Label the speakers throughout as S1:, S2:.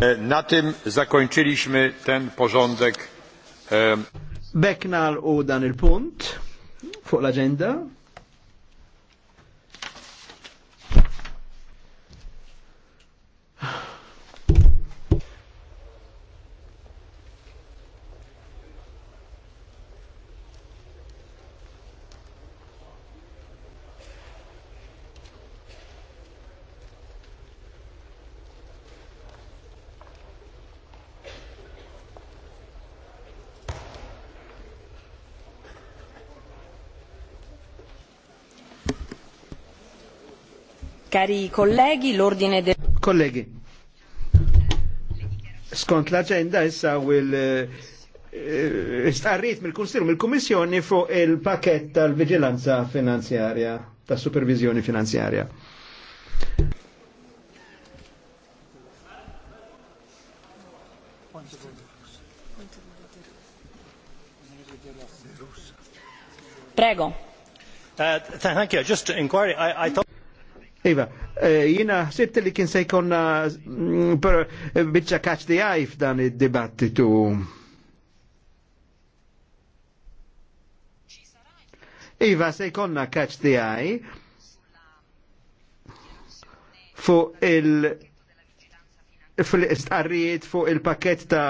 S1: E, na tym zakończyliśmy ten porządek. E, Beknal u dan il-punt fuq l-agenda. Cari colleghi, l'ordine del... Colleghi, skont l-agenda issa u l-istarrit eh, mill-Kunsilu mill-Kummissjoni fuq il-pakett tal-vigilanza finanzjarja, tas supervizjoni finanzjarja.
S2: Prego. Uh, th thank you. Just to inquire, I, I thought...
S1: Iva, eh, jina ħsibt li kien se jkonna bieċa kaċ di għaj f'dan id-dibattitu. Iva, se jkonna kaċ di għaj fuq il- fl istqarrijiet fuq il-pakket ta'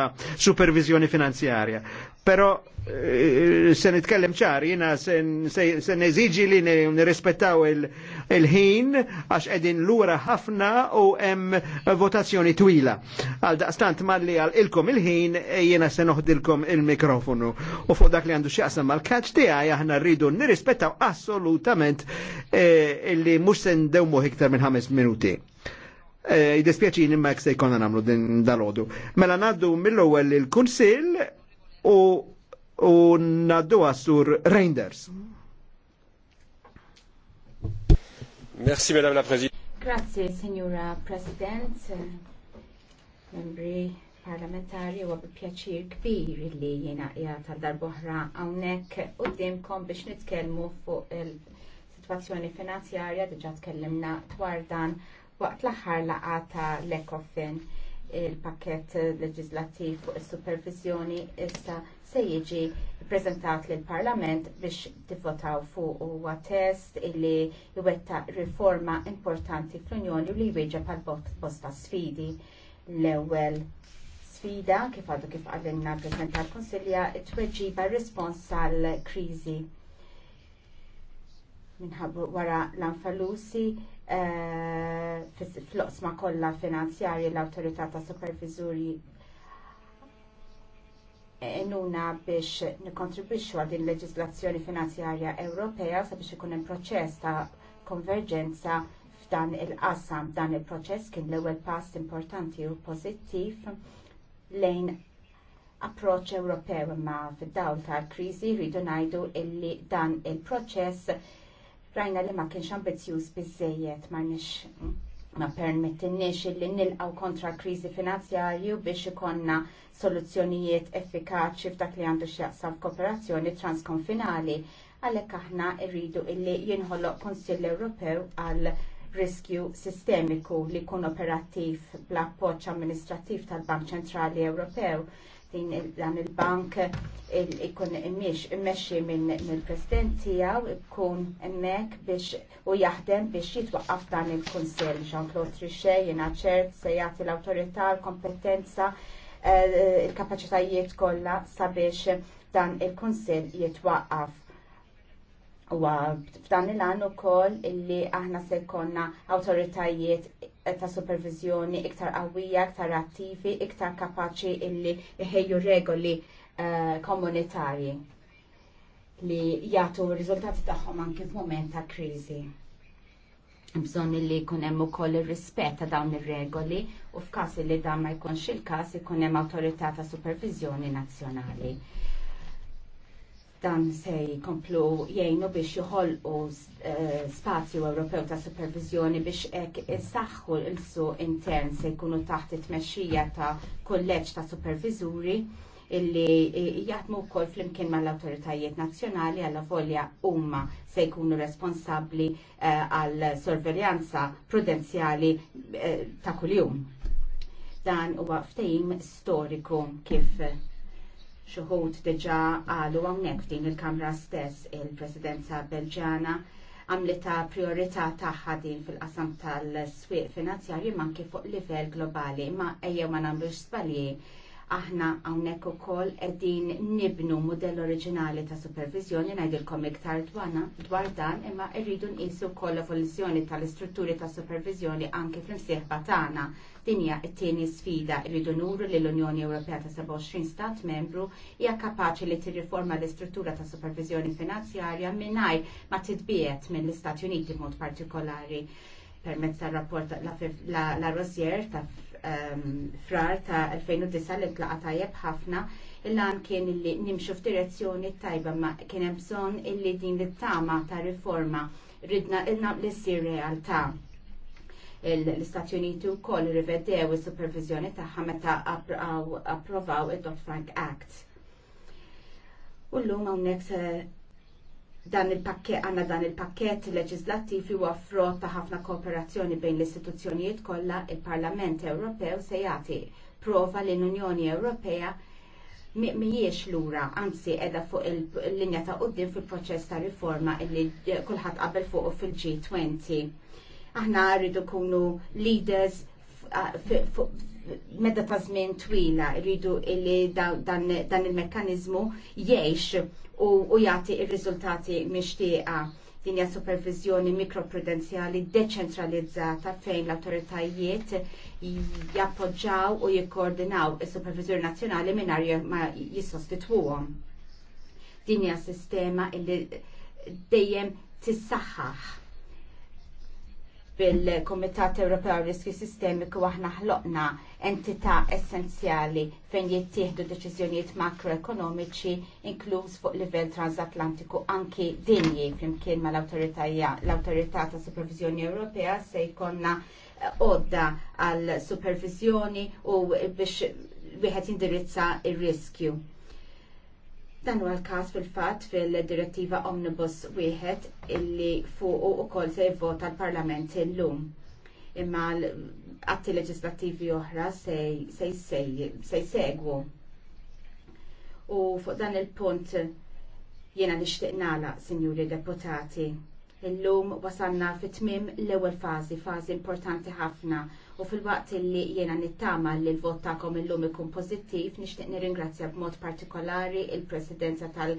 S1: supervizjoni finanzjarja. Pero eh, se nitkellem ċar, jina se neżiġi li nirrispettaw il-ħin għax edin lura ħafna u hemm votazzjoni twila. Għal daqstant malli għal ilkom il-ħin eh, jina se noħdilkom il-mikrofonu. U fuq dak li għandu xieqsam mal kaċ tiegħi aħna rridu nirrispettaw assolutament eh, illi mhux se dewmu iktar minn ħames minuti. imma ma se jkonna namlu din dal-ħodu. Mela naddu mill-ewwel il-Kunsill u, u naddu sur Reinders.
S3: Merci, Madame la Presidente.
S2: Grazie, Signora President, membri parlamentari u għabi pjaċir kbir li jena jgħata darboħra għawnek u dimkom biex nitkelmu fuq il-situazzjoni finanzjarja diġa tkellimna dwar dan waqt l-ħar laqata l-ECOFIN il-pakket leġislattiv fuq is-supervizjoni issa se jiġi ppreżentat lill parlament biex tivvotaw fuq huwa test illi jwetta riforma importanti fl-Unjoni u li jwieġeb għal bosta sfidi. L-ewwel sfida kif għadu kif għallinna preżenta konsilja t tweġiba rispons għall kriżi minħabba wara l-anfalusi Eh, fl osma kollha finanzjarji l-Awtorità ta' Supervizuri enuna biex nikontribwixxu għal din leġislazzjoni finanzjarja Ewropea sabiex ikun hemm proċess ta' konverġenza f'dan il-qasam. Dan il-proċess kien l-ewwel pass importanti u pożittiv lejn approċċ Ewropew imma fid-dawl tal-kriżi rridu ngħidu illi dan il-proċess rajna li ma kienx ambizjuż biżejjed ma nix ma permettinniex li nilqaw kontra kriżi finanzjarju biex ikonna soluzzjonijiet effikaċi f'dak li għandu x'jaqsam kooperazzjoni transkonfinali għalhekk aħna rridu illi jinħoloq Kunsill Ewropew għal riskju sistemiku li jkun operattiv bl-appoġġ amministrattiv tal-Bank Ċentrali Ewropew din dan il-bank ikun imiex immexxi minn il-president tiegħu ikun hemmhekk biex u jaħdem biex jitwaqqaf dan il-kunsell Jean-Claude Trichet jiena ċert se jagħti l-awtorità l-kompetenza eh, il-kapaċitajiet kollha sabiex dan il-kunsell jitwaqqaf. U f'dan il-għan ukoll illi aħna se jkollna awtoritajiet Eh, ta' supervizjoni iktar qawwija, iktar attivi, iktar kapaċi illi jħejju regoli eh, komunitarji li jagħtu r-riżultati tagħhom anki f'mument ta' kriżi. Bżonn li jkun hemm ukoll ir-rispett ta' dawn ir-regoli u f'każ li dan ma jkunx il-każ ikun hemm awtorità ta' supervizjoni nazzjonali dan se jkomplu jgħinu biex joħolqu eh, spazju Ewropew ta' supervizjoni biex ek saħħu l-su intern se jkunu taħt it-tmexxija ta' kulleġġ ta' supervizuri illi jaħdmu wkoll flimkien mal-awtoritajiet nazzjonali għalla volja huma se jkunu responsabbli eh, għal sorveljanza prudenzjali eh, ta' kuljum. Dan huwa ftehim storiku kif xuħud deġa għalu għawnek f'din il-Kamra stess il-Presidenza Belġana għamlita priorità taħħa din fil-qasam tal-swieq finanzjarju manki fuq livell globali ma ejjew ma nagħmlux sbalji Aħna hawnhekk ukoll qegħdin nibnu mudell oriġinali ta' supervizjoni ngħidilkom iktar dwar dan imma rridu nqisu wkoll evoluzjoni tal-istrutturi ta' supervizjoni anke fl-imsieħba tagħna. Din hija t-tieni sfida rridu nuru li l-Unjoni Ewropea ta' 27 stat membru hija kapaċi li tirriforma l-istruttura ta' supervizjoni finanzjarja mingħajr ma titbiet mill-Istati Uniti b'mod partikolari permezz tar rapport la, la, la Rosier ta' Um, frar ta' 2009 li tlaqa tajjeb ħafna il-lan kien li nimxu f'direzzjoni tajba ma kien hemm bżonn illi din it-tama ta' riforma ridna il il-nam li sir realtà. L-Istati Uniti wkoll rivedew is-supervizjoni tagħha meta approvaw id-Dodd Frank Act. U llum hawnhekk dan il-pakket għanna dan il-pakket leġislattiv huwa għafro ta' ħafna kooperazzjoni bejn l-istituzzjonijiet kollha il-Parlament Ewropew se jagħti prova li l-Unjoni Ewropea mhijiex lura, anzi qiegħda fuq il-linja ta' uddin fil-proċess ta' riforma illi kulħadd qabel fuq fil-G20. Aħna rridu kunu leaders medda ta' żmien twila rridu illi dan, dan il-mekkanizmu jgħix u, u jagħti r-riżultati mixtieqa din hija supervizjoni mikroprudenzjali deċentralizzata fejn l-autoritajiet jappoġġaw u jikkoordinaw is-supervizjoni nazzjonali mingħajr ma jissostitwuhom. Din hija sistema li dejjem tissaħħaħ bil-Komitat Ewropew Riski Sistemiku aħna ħloqna entità essenzjali fejn jittieħdu deċiżjonijiet makroekonomiċi inkluż fuq livell transatlantiku anki dinji flimkien ma l-Awtorità ta' Supervizjoni Ewropea se jkollna eh, għodda għal supervizjoni u biex wieħed jindirizza ir-riskju Dan huwa l-każ fil-fatt fil-direttiva Omnibus wieħed illi fuq ukoll se jivvota l-Parlament illum. Imma l atti leġislattivi oħra se jsegwu. U fuq dan il-punt jiena nixtieq nagħlaq, Sinjuri Deputati. Illum wasanna fit tmim l-ewwel fażi, fażi importanti ħafna u fil-waqt li jiena nittama li l-vot tagħkom illum ikun pożittiv nixtieq nirringrazzja b'mod partikolari il-Presidenza tal-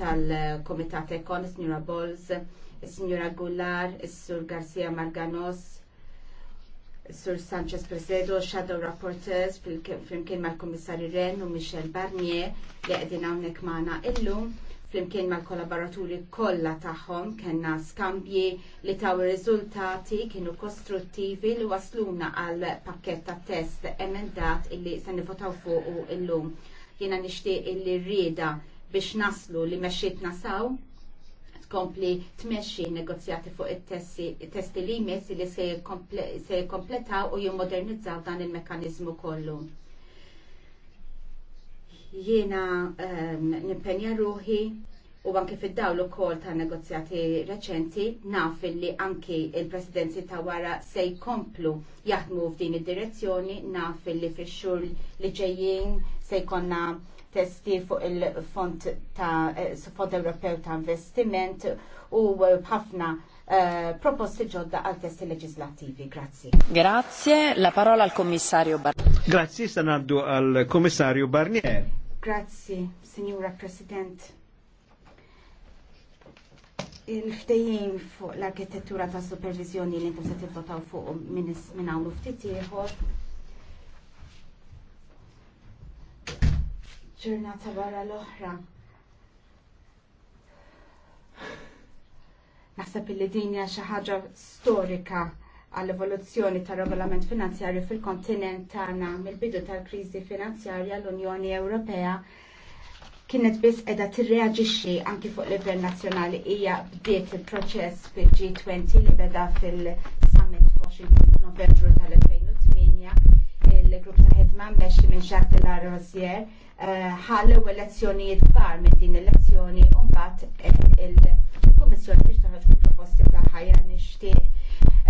S2: tal-Komitat Ekon, Signora Bolz, Signora Gullar, Sur Garcia Marganos, Sur Sanchez Presedo, Shadow Rapporteurs, fil-kien mal-Komissari Ren u Michel Barnier li għedin għawnek maħna illum flimkien mal-kollaboraturi kollha tagħhom kellna skambji li taw riżultati kienu kostruttivi li wasluna għal pakket ta' test emendat illi se nivotaw fuq illum. Jiena nixtieq illi rrieda biex naslu li mexxietna saw tkompli tmexxi negozjati fuq it-testi li jmiss li se jikkompletaw u jimmodernizzaw dan il-mekkaniżmu kollu Jiena um, nimpenja ruħi u anke fid-dawl ukoll ta' negozjati reċenti naf li anki il-presidenzi ta' wara se jkomplu jaħdmu f'din id-direzzjoni naf li fix-xhur li ġejjin se jkollna testi fuq il-Fond ta' eh, Fond Ewropew ta' Investiment u b'ħafna eh, proposti ġodda għal testi leġislativi. Grazie.
S3: Grazie. La parola al commissario
S1: Barnier. Grazie, sanaddu al commissario Barnier.
S2: Grazzi, Signora President. Il-ftejjin fuq l-arkitettura ta' supervizjoni li intom se tivvotaw fuq minn hawn ftit ieħor. Ġurnata barra l-oħra. Naħseb li dinja xi ħaġa storika għall-evoluzzjoni tar regolament finanzjarju fil-kontinent tagħna mill-bidu tal-kriżi finanzjarja l-Unjoni Ewropea kienet biss qiegħda tirreaġixxi anki fuq livell nazzjonali hija bdiet il-proċess fil-G20 li beda fil-Summit Washington f'Novembru tal-2008 il-grupp ta' ħedma meċi minn Jacques de la Rosier eh, ħallew elezzjonijiet kbar minn din elezzjoni u mbagħad eh, il-Kummissjoni biex toħroġ bil proposti tagħha ħajja nixtieq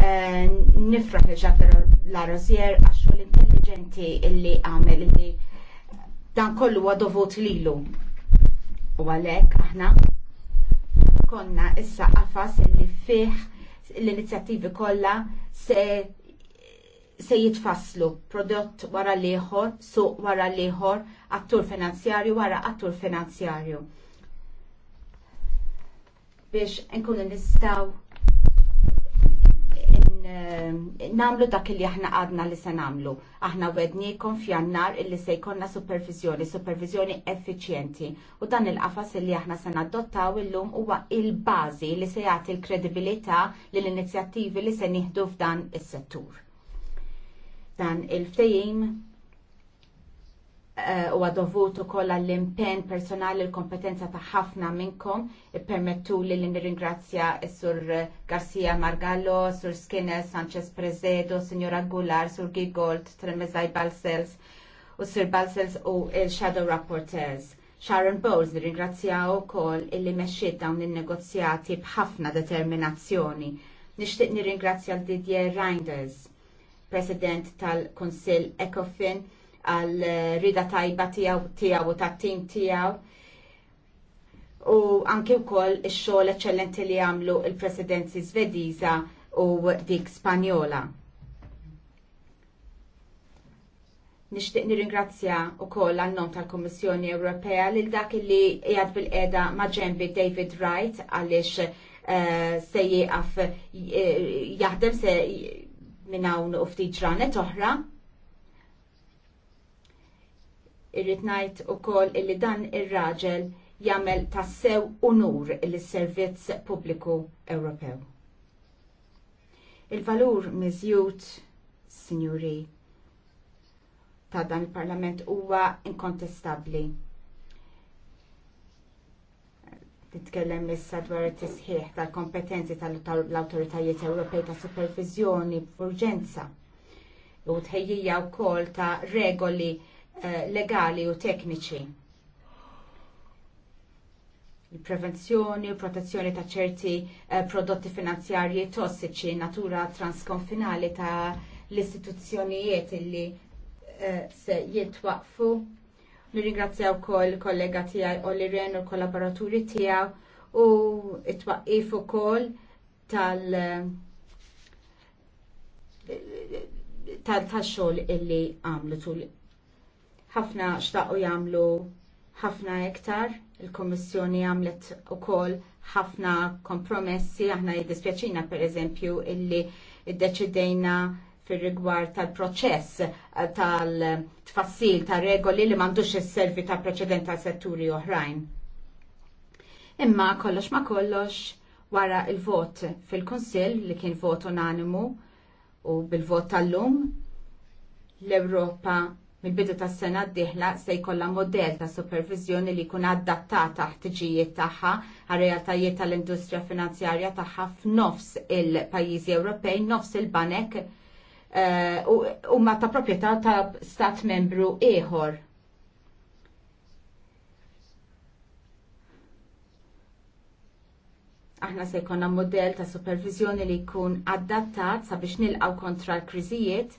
S2: Eh, nifraħ li ġabber la rozier għaxol intelligenti illi għamel illi dan kollu għadovot lilu. U għalek aħna konna issa qafas illi fih l-inizjattivi kollha se se jitfasslu prodott wara liħor, suq wara liħor, attur finanzjarju wara attur finanzjarju. Biex nkunu nistaw Ehm, namlu dak li aħna għadna li se namlu. Aħna wednikom fjannar illi se jkonna supervizjoni, supervizjoni effiċjenti. U dan il-qafas li aħna se nadottaw illum huwa il-bażi li se jagħti l-kredibilità lill inizjattivi li se nieħdu f'dan is-settur. Dan il-ftejim Eh, u għadovut u koll għall-impen personali l-kompetenza ta' ħafna minnkom permettu li l-nirringrazzja sur Garcia Margallo, sur Skinner, Sanchez Prezedo, Signora Gular, sur Gigold, Tremezaj Balsels u Sur Balsels u il-Shadow Rapporteurs. Sharon Bowles nirringrazzja u koll illi meċċiet dawn il-negozjati bħafna determinazzjoni. Nishtiq nirringrazzja l-Didier Reinders, President tal-Konsil ECOFIN, għal rida tajba tiegħu u tat-tim tiegħu u anke wkoll ix-xogħol eċċellenti li għamlu il-Presidenzi Svediża u dik Spanjola. Nixtieq nirringrazzja wkoll għal nom tal-Kummissjoni Ewropea lil dak li jgħad bil-qiegħda ma' ġenbi David Wright għaliex eh, se jieqaf eh, jaħdem se minn hawn u ftit ġranet oħra Irrid ngħid ukoll illi dan ir-raġel jagħmel tassew unur lis-servizz pubbliku Ewropew. Il-valur miżjud, Sinjuri, ta' dan il-Parlament huwa inkontestabbli titkellem issa dwar it-tisħiħ tal-kompetenzi tal-awtoritajiet Ewropej ta' supervizjoni b'urġenza u tħejjija wkoll ta' regoli Eh, legali u tekniċi. Il-prevenzjoni u protezzjoni ta' ċerti eh, prodotti finanzjarji tossiċi natura transkonfinali ta' l-istituzzjonijiet illi eh, se Nirringrazzja Nirringrazzjaw kol kollega tijaj Olli Ren u kollaboraturi tijaw u it twaqqif kol tal tal illi għamlu tul ħafna xtaqu jagħmlu ħafna iktar, il-Kommissjoni għamlet ukoll ħafna kompromessi, aħna jiddispjaċina pereżempju illi iddeċidejna fir-rigward tal-proċess eh, tal-tfassil tal regoli li m'għandux il servi ta' preċedent ta' setturi oħrajn. Imma kollox ma kollox wara il-vot fil-Kunsill li kien vot unanimu u bil-vot tal-lum l-Ewropa mill-bidu tas sena d-dieħla se jkollha modell ta' supervizjoni li jkun adattata ħtiġijiet tagħha għal realtajiet tal-industrija finanzjarja tagħha f'nofs il-pajjiżi Ewropej, nofs il-banek eh, u ma ta' proprjetà ta' stat membru ieħor. aħna se jkollna modell ta' supervizjoni li jkun adattat sabiex nilqgħu kontra l-kriżijiet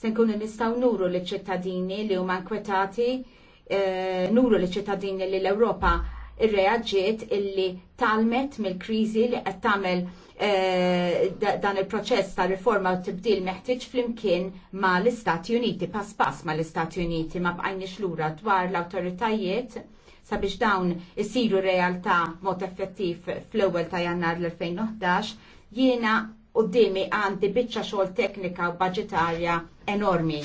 S2: se nkunu nistgħu nuru liċ ċittadini li huma nkwetati, eh, nuru li ċittadini li l-Ewropa irreagġiet illi talmet mill-kriżi li qed tagħmel eh, dan il-proċess ta' riforma u tibdil meħtieġ flimkien ma' l-Istati Uniti, pass pass ma' l-Istati Uniti, ma' bqajniex lura dwar l-awtoritajiet sabiex dawn isiru realtà mod effettiv fl-ewwel ta' jannar l-2011 jiena dimi għandi biċċa xogħol teknika u budgetarja enormi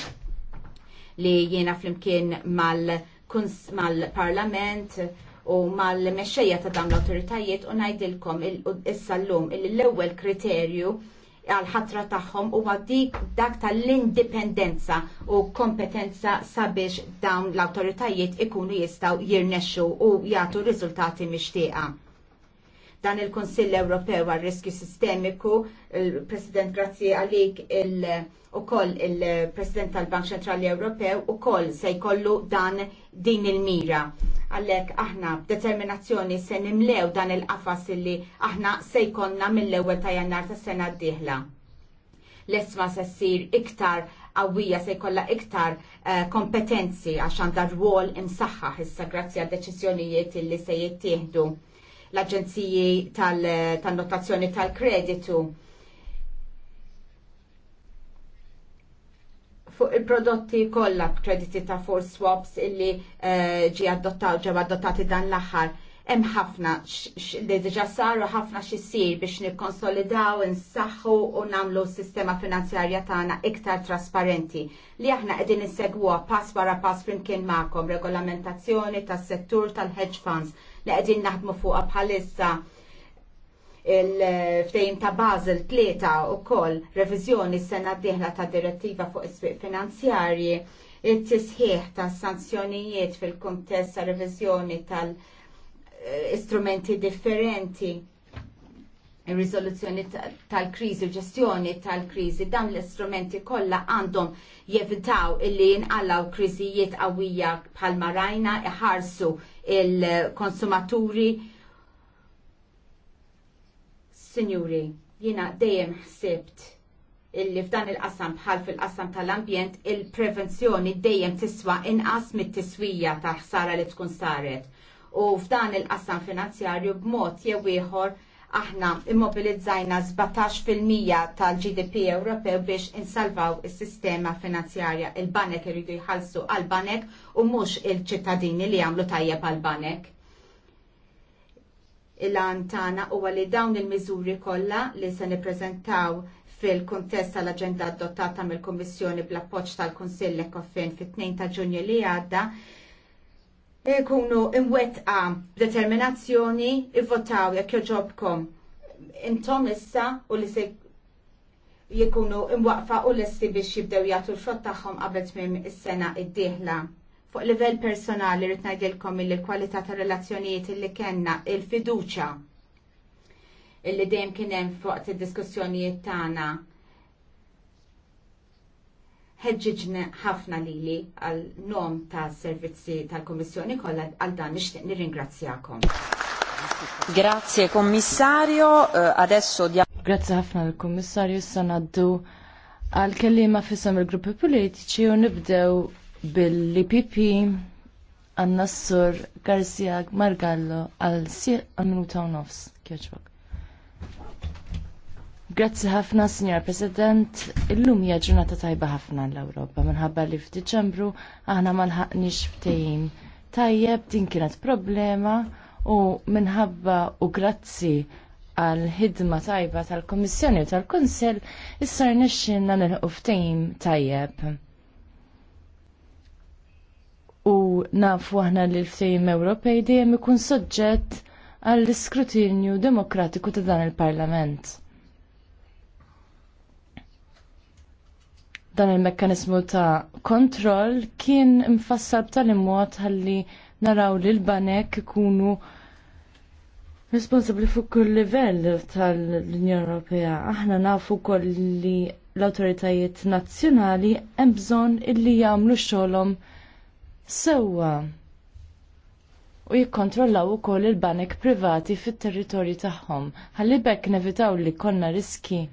S2: li jiena flimkien mal-parlament u mal-mexxejja ta' dawn l-autoritajiet u ngħidilkom issa il l-ewwel kriterju għal-ħatra tagħhom huwa dik dak tal-indipendenza u kompetenza sabiex dawn l-awtoritajiet ikunu jistgħu jirnexxu u jagħtu riżultati mixtieqa dan il-Konsill Ewropew għal riskju sistemiku, il-President grazzi għalik il u koll il-President tal-Bank Ċentrali Ewropew u koll se jkollu dan din il-mira. Għallek aħna determinazzjoni se nimlew dan il-qafas illi aħna se jkollna mill-ewwel ta' jannar ta' sena d-dieħla. L-esma se ssir iktar għawija se jkollha iktar eh, kompetenzi għax għandha rwol imsaħħa issa grazzi għad deċiżjonijiet li se jittieħdu l-aġenziji tal-notazzjoni tal tal-kreditu. fuq il-prodotti kollha krediti ta' force swaps illi eh, ġi uh, adottaw ġew adottati dan l-aħħar Hemm ħafna li diġà saru ħafna x'issir biex nikkonsolidaw, insaħħu u nagħmlu s-sistema finanzjarja tagħna iktar trasparenti li aħna qegħdin insegwa pass wara pass flimkien magħkom regolamentazzjoni tas-settur tal-hedge funds li qegħdin naħdmu fuqha bħalissa il-ftejim ta' Basel tlieta u koll revizjoni s-sena d dieħla ta' direttiva fuq is-sbiq finanzjarji, it tisħiħ ta' sanzjonijiet fil kuntest ta' revizjoni tal- Eh, istrumenti differenti il-rizoluzzjoni tal-krizi, il-ġestjoni tal-krizi, dan l-istrumenti kollha għandhom jevitaw illi jinqallaw kriżijiet qawwija bħal marajna iħarsu il-konsumaturi. Sinjuri, jina dejjem ħsibt illi f'dan il-qasam bħal fil-qasam tal-ambjent il-prevenzjoni dejjem tiswa inqas mit-tiswija ta' ħsara li tkun saret u f'dan il-qassam finanzjarju b'mod jew ieħor aħna immobilizzajna 17% tal-GDP Ewropew biex insalvaw is-sistema finanzjarja. Il-banek iridu jħallsu għal-banek u mhux il-ċittadini li jagħmlu tajjeb għal-banek. Il-għan tana huwa li dawn il-miżuri kollha li se nippreżentaw fil-kontest tal-aġenda adottata mill-Kummissjoni bl-appoġġ tal-Kunsill Ekofin fit-2 ta' Ġunju li għadda jekunu imwetqa determinazzjoni ivvotaw jekk joġobkom intom issa u li se jekunu imwaqfa u l-essi biex jibdew jagħtu l-frott tagħhom qabel tmiem is-sena id-dieħla. Fuq livell personali rrid ngħidilkom il kwalità ta' relazzjonijiet illi kellna il-fiduċja illi dejjem kien hemm fuq id-diskussjonijiet tagħna ħeġġiġna ħafna lili għal nom ta' servizzi tal-Kommissjoni kollha għal dan nixtieq nirringrazzjakom.
S3: Grazie Kommissarju, eh, adesso di... Grazie ħafna l-Kommissarju, Sanaddu naddu għal kellima fissam il-gruppi politiċi u nibdew bil-IPP għannassur Garcia Margallo għal sir għal minuta nofs. Grazzi ħafna, Signor President. Illum hija ġurnata tajba ħafna l-Ewropa minħabba li f'Diċembru aħna ma nħaqniex ftehim. Tajjeb din kienet problema u minħabba u grazzi għal ħidma tajba tal-Kommissjoni u tal-Kunsell issar nixxinna nilħu ftehim tajjeb. U nafu aħna li l-ftehim Ewropej dejjem ikun soġġett għall-iskrutinju demokratiku ta' dan il-Parlament. dan il-mekkanizmu ta' kontroll kien mfassar b'tali mod ħalli naraw li l-banek ikunu responsabli fuq kull livell tal-Unjoni Ewropea. Aħna nafu koll li l-autoritajiet nazzjonali hemm bżonn illi jagħmlu xogħolhom sewwa u jikkontrollaw ukoll il-banek privati fit-territorju tagħhom. Ħalli bekk nevitaw li konna riski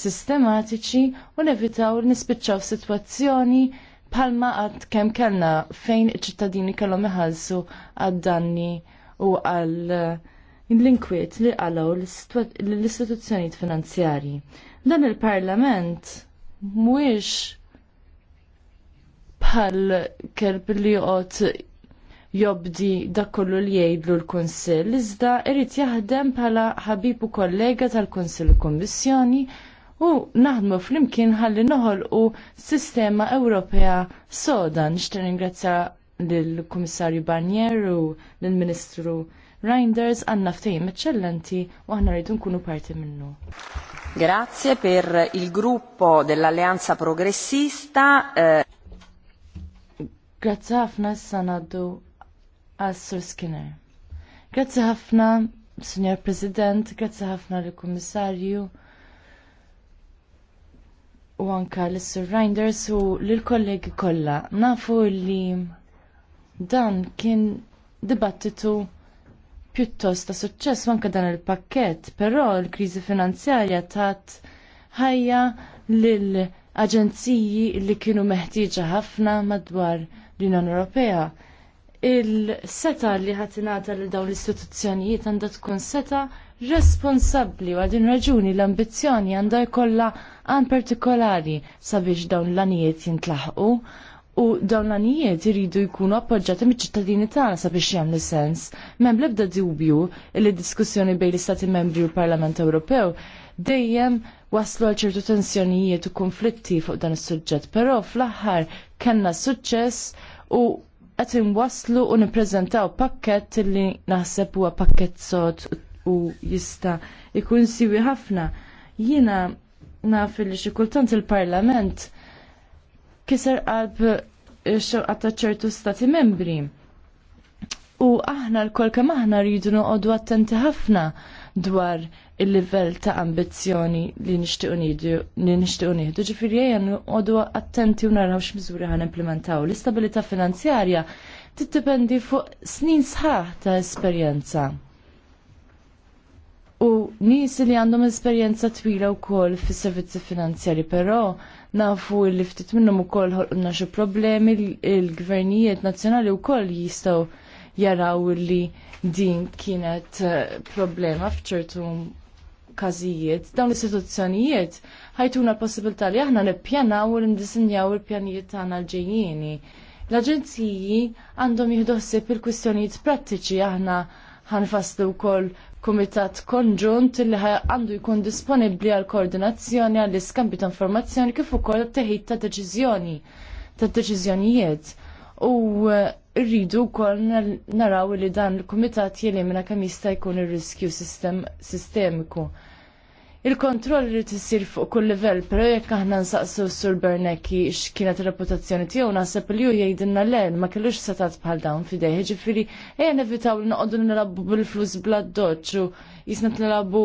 S3: sistematiċi u nevitaw nispiċċaw situazzjoni palma għad kem kellna fejn iċ-ċittadini kellhom iħallsu għad-danni u għal l-inkwiet li għalaw l-istituzzjonijiet finanzjarji. Dan il-parlament mhuwiex bħal kelb li joqgħod jobdi dak kollu li jgħidlu l-Kunsill, iżda irid jaħdem bħala ħabib u kollega tal-Kunsill u Kummissjoni u naħdmu flimkien ħalli noħol u sistema Ewropea soda. Nixtieq ringrazzja lill-Kummissarju Barnier u lill-Ministru Reinders għanna ftejim eccellenti u għanna rridu nkunu parti minnu. Grazie
S2: per il gruppo dell'Alleanza Progressista. Eh...
S3: Grazie ħafna s-sanaddu għas-Sur Skinner. Grazie ħafna, Signor President, grazie ħafna l-Kummissarju u anka l-Sur Reinders u l-kollegi kollha. Nafu li dan kien dibattitu pjuttost ta' suċċess anke dan il-pakket, però l-kriżi finanzjarja tat ħajja lil aġenziji li kienu meħtieġa ħafna madwar l-Unjoni Ewropea. Il-seta li ħatinata lil dawn l-istituzzjonijiet għandha tkun seta responsabbli u għadin raġuni l-ambizzjoni għandha jkollha għan partikolari sabiex dawn l-anijiet jintlaħqu u dawn l-anijiet iridu jkunu appoġġati mill-ċittadini tagħna sabiex jagħmlu sens. Mem l-ebda dubju li diskussjoni bejn l-Istati Membri u l-Parlament Ewropew dejjem waslu għal ċertu tensjonijiet u konflitti fuq dan is-suġġett, però fl-aħħar kellna suċċess u qed waslu u nippreżentaw pakkett li naħseb huwa pakkett sod u jista' jkun siwi ħafna. Jiena naf li xi kultant il-Parlament kiser qalb xewqa ta' ċertu stati membri. U aħna l-kol kemm aħna rridu noqogħdu attenti ħafna dwar il-livell ta' ambizzjoni li nixtiequ li nixtiequ nieħdu. Ġifieri ejja noqogħdu attenti u naraw x'miżuri ħan implementaw. L-istabilità finanzjarja tiddependi fuq snin sħaħ ta' esperjenza u nis li għandhom esperjenza twila wkoll fis-servizzi finanzjari, però nafu li ftit minnhom ukoll kol xi problemi il-gvernijiet nazzjonali wkoll jistgħu jaraw li din kienet eh, problema f'ċertu każijiet dawn l-istituzzjonijiet ħajtuna l-possibilità li aħna nippjanaw u nindisinjaw il-pjanijiet tagħna l-ġejjieni. L-aġenziji għandhom jihdossi ħsieb il-kwistjonijiet prattiċi aħna ħanfaslu wkoll kumitat konġunt li għandu jkun disponibbli għal koordinazzjoni għall iskambju ta' informazzjoni kif ukoll teħid ta' deċiżjoni ta' deċiżjonijiet. U uh, rridu wkoll naraw li dan il-kumitat jelimina kemm jista' jkun ir-riskju sistemiku. Il-kontroll li issir fuq kull livell, pero jekk aħna nsaqsu Sur Bernecki x'kienet ir-reputazzjoni tiegħu naħseb li hu jgħidilna le ma kellux setat bħal dawn f'idej. ġifieri ejja nevitaw li noqogħdu nilabbu bil-flus bla doċċ u jisna nilabbu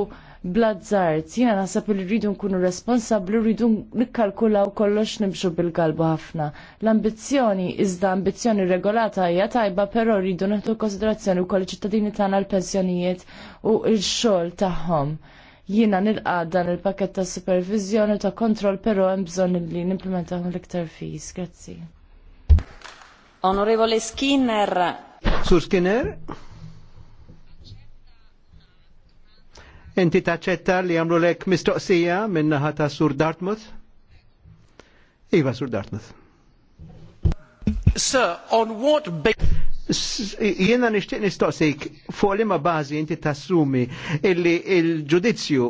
S3: bla żart. Jiena naħseb li rridu nkunu responsabbli, rridu nikkalkulaw kollox nimxu bil-galbu ħafna. L-ambizzjoni iżda ambizzjoni regolata hija tajba, però rridu neħdu konsiderazzjoni wkoll iċ-ċittadini tagħna l-pensjonijiet u l-xogħol tagħhom jina nilqa dan il-pakket ta' supervizjoni ta' kontroll, però hemm bżonn li nimplementaw l-iktar fis. Grazzi. Onorevole Skinner. Sur
S1: Skinner? Inti taċċetta li għamlu lek mistoqsija minnaħa ta' Sur Dartmouth? Iva, Sur Dartmouth. Sir, on what Jiena nixtieq nistoqsik fuq liema bażi inti tassumi illi il-ġudizzju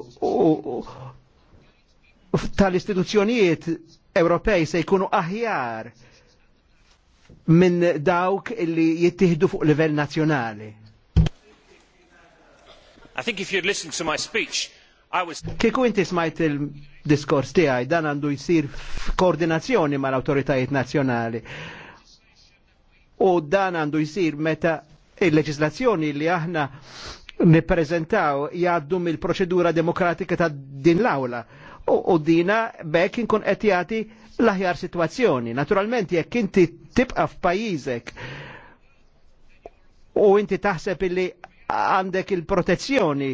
S1: tal-istituzzjonijiet Ewropej se jkunu aħjar minn dawk illi jittieħdu fuq livell nazzjonali.
S2: I think if you'd listened to my speech, I was...
S1: Kiku inti smajt il-diskors tiegħi dan għandu jsir f'koordinazzjoni mal-awtoritajiet nazzjonali u dan għandu jisir meta il-leġislazzjoni li aħna nipprezentaw jgħaddu mill-proċedura demokratika ta' din l-awla u dina bekk inkun etjati l-aħjar Naturalment jekk inti tibqa' f'pajjiżek u inti taħseb illi għandek il-protezzjoni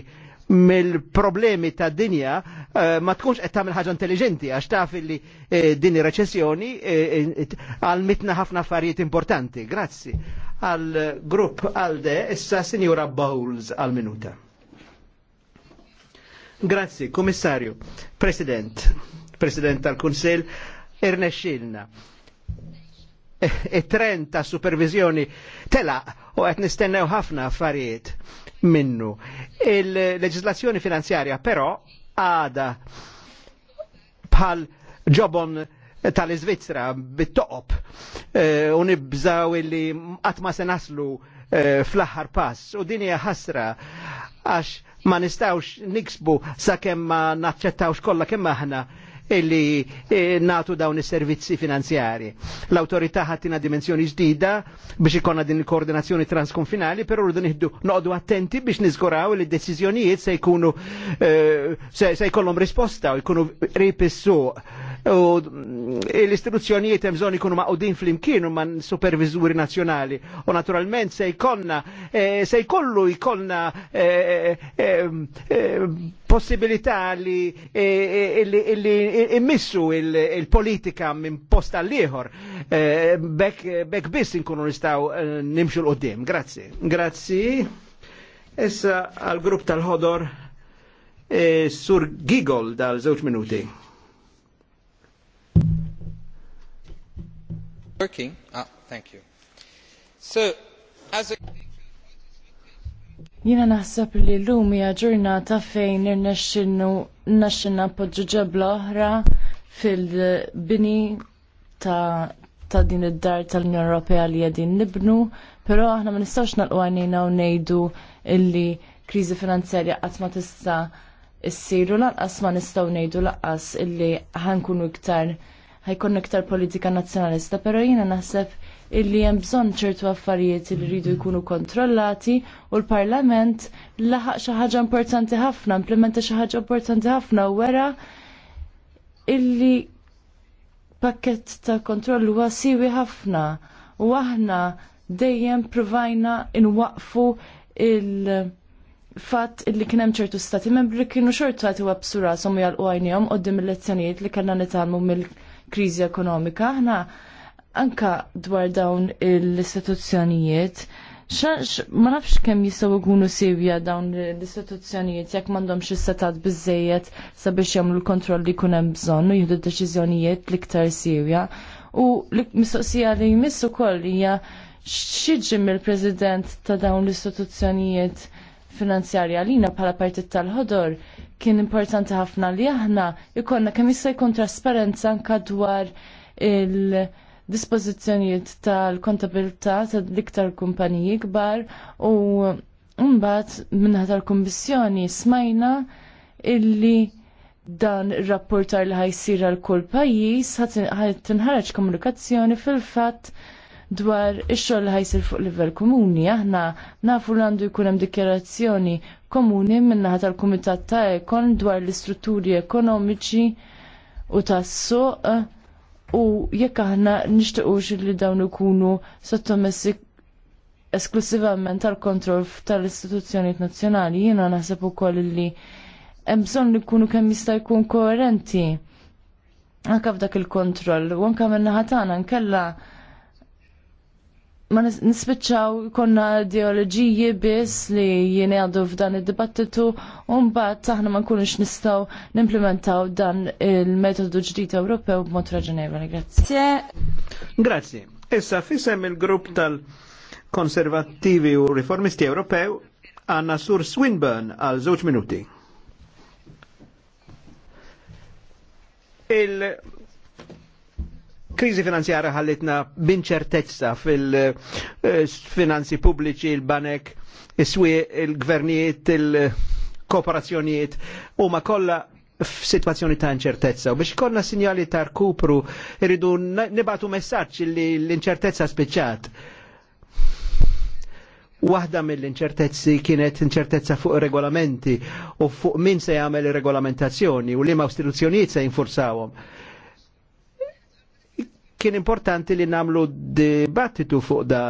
S1: mill-problemi ta' dinja eh, ma tkunx qed tagħmel ħaġa intelligenti għax taf li eh, din ir-reċessjoni eh, għalmitna ħafna affarijiet importanti. Grazzi. Għal grupp Alde issa Sinjura Bowles għal minuta. Grazzi, Komissarju, President, President tal-Kunsel, Xilna. Eh, e trend ta' supervizjoni tela u qed nistennew ħafna affarijiet minnu. Il-leġislazzjoni finanzjarja però għada bħal ġobon tal-Iżvizzera bit-toqob eh, u nibżaw illi ma se naslu eh, fl-aħħar pass u din hija ħasra għax ma nistawx niksbu sakemm ma naċċettawx kollha kemm aħna illi eh, natu dawn is-servizzi finanzjari. L-autorità ħattina dimensjoni ġdida biex ikonna din il-koordinazzjoni transkonfinali, però rridu nieħdu noqdu attenti biex niżguraw li d-deċiżjonijiet se jkunu eh, se jkollhom risposta u jkunu ripissu u l-istituzzjonijiet hemm bżonn ikunu maqudin flimkien u man supervizuri nazzjonali u naturalment se jkollna eh, se jkollu jkollna eh, eh, possibilità li immissu il-politika minn posta għall-ieħor bekk biss inkunu nistgħu nimxu l-qoddim. Grazzi. Grazzi. Issa għal-grupp tal-ħodor Sur Gigol dal żewġ minuti. Ah,
S3: Jina naħseb li l-lum hija ġurnata fejn irnexxinnu naxxinna poġġu ġebla oħra fil-bini ta' ta' din id-dar tal-Unjoni Ewropea li qegħdin nibnu, però aħna ma nistgħux naqgħu għajnejna u ngħidu li kriżi finanzjarja qatt ma tista' ssiru lanqas ma nistgħu ngħidu lanqas illi ħankunu iktar ħajkun iktar politika nazzjonalista, pero jiena naħseb illi hemm bżonn ċertu affarijiet li rridu jkunu kontrollati u l-Parlament laħaq xi ħaġa importanti ħafna, implementa xi ħaġa importanti ħafna u wera illi pakket ta' kontroll huwa siwi ħafna u aħna dejjem provajna inwaqfu il- fatt li kien hemm ċertu stati membri kienu xorta għati wabsura somu u għajnijom qoddim il-lezzjonijiet li kellna nitalmu mill- kriżi ekonomika, aħna anka dwar dawn l-istituzzjonijiet, ma nafx kemm jistgħu jkunu sirja dawn l-istituzzjonijiet jekk m'għandhomx is-setat biżejjed sabiex jagħmlu l-kontroll li jkun hemm bżonn u jieħdu d-deċiżjonijiet l-iktar sirja. U l-mistoqsija li jmiss ukoll hija xieġim il president ta' dawn l-istituzzjonijiet finanzjarja għalina bħala partit tal-ħodor kien importanti ħafna li aħna ikonna kemm jista' jkun trasparenza anke dwar il- dispożizzjonijiet tal-kontabilità tal-iktar kumpaniji kbar u mbagħad minna tal-kummissjoni smajna illi dan ir-rapportar li ħajsir għal kull pajjiż ħadd tinħareġ komunikazzjoni fil-fatt dwar ix-xogħol li ħajsir fuq livell komuni. Aħna nafu li għandu jkun hemm dikjarazzjoni komuni minnaħa tal-Kumitat ta' Ekon dwar l-istrutturi ekonomiċi u tas-suq u jekk aħna nixtiequx li dawn ikunu sottomessi esklusivament tal-kontroll tal-istituzzjonijiet nazzjonali, jiena naħseb ukoll li hemm bżonn li jkunu kemm jista' jkun koerenti anke f'dak il-kontroll u anke min-naħa tagħna nkella ma nispiċċaw konna ideoloġiji biss li jieni għadu f'dan id-dibattitu un bat aħna ma nkunux nistaw nimplementaw dan il-metodu ġdid Ewropew b'mod raġunevoli. Grazie.
S1: Grazie. Issa fisem il-grupp tal-Konservattivi u Riformisti Ewropew għanna Sur Swinburne għal żewġ minuti. Il Il-krizi finanzjara ħallitna binċertezza fil-finanzi eh, pubbliċi, il-banek, is il-gvernijiet, il-kooperazzjonijiet, u ma kolla f-situazzjoni ta' inċertezza. U biex konna sinjali ta' kupru, irridu nibatu messaċ li l-inċertezza spiċċat. Waħda mill-inċertezzi kienet inċertezza fuq regolamenti u fuq min se jagħmel ir-regolamentazzjoni u liema istituzzjonijiet se jinfursawhom kien importanti li namlu dibattitu fuq da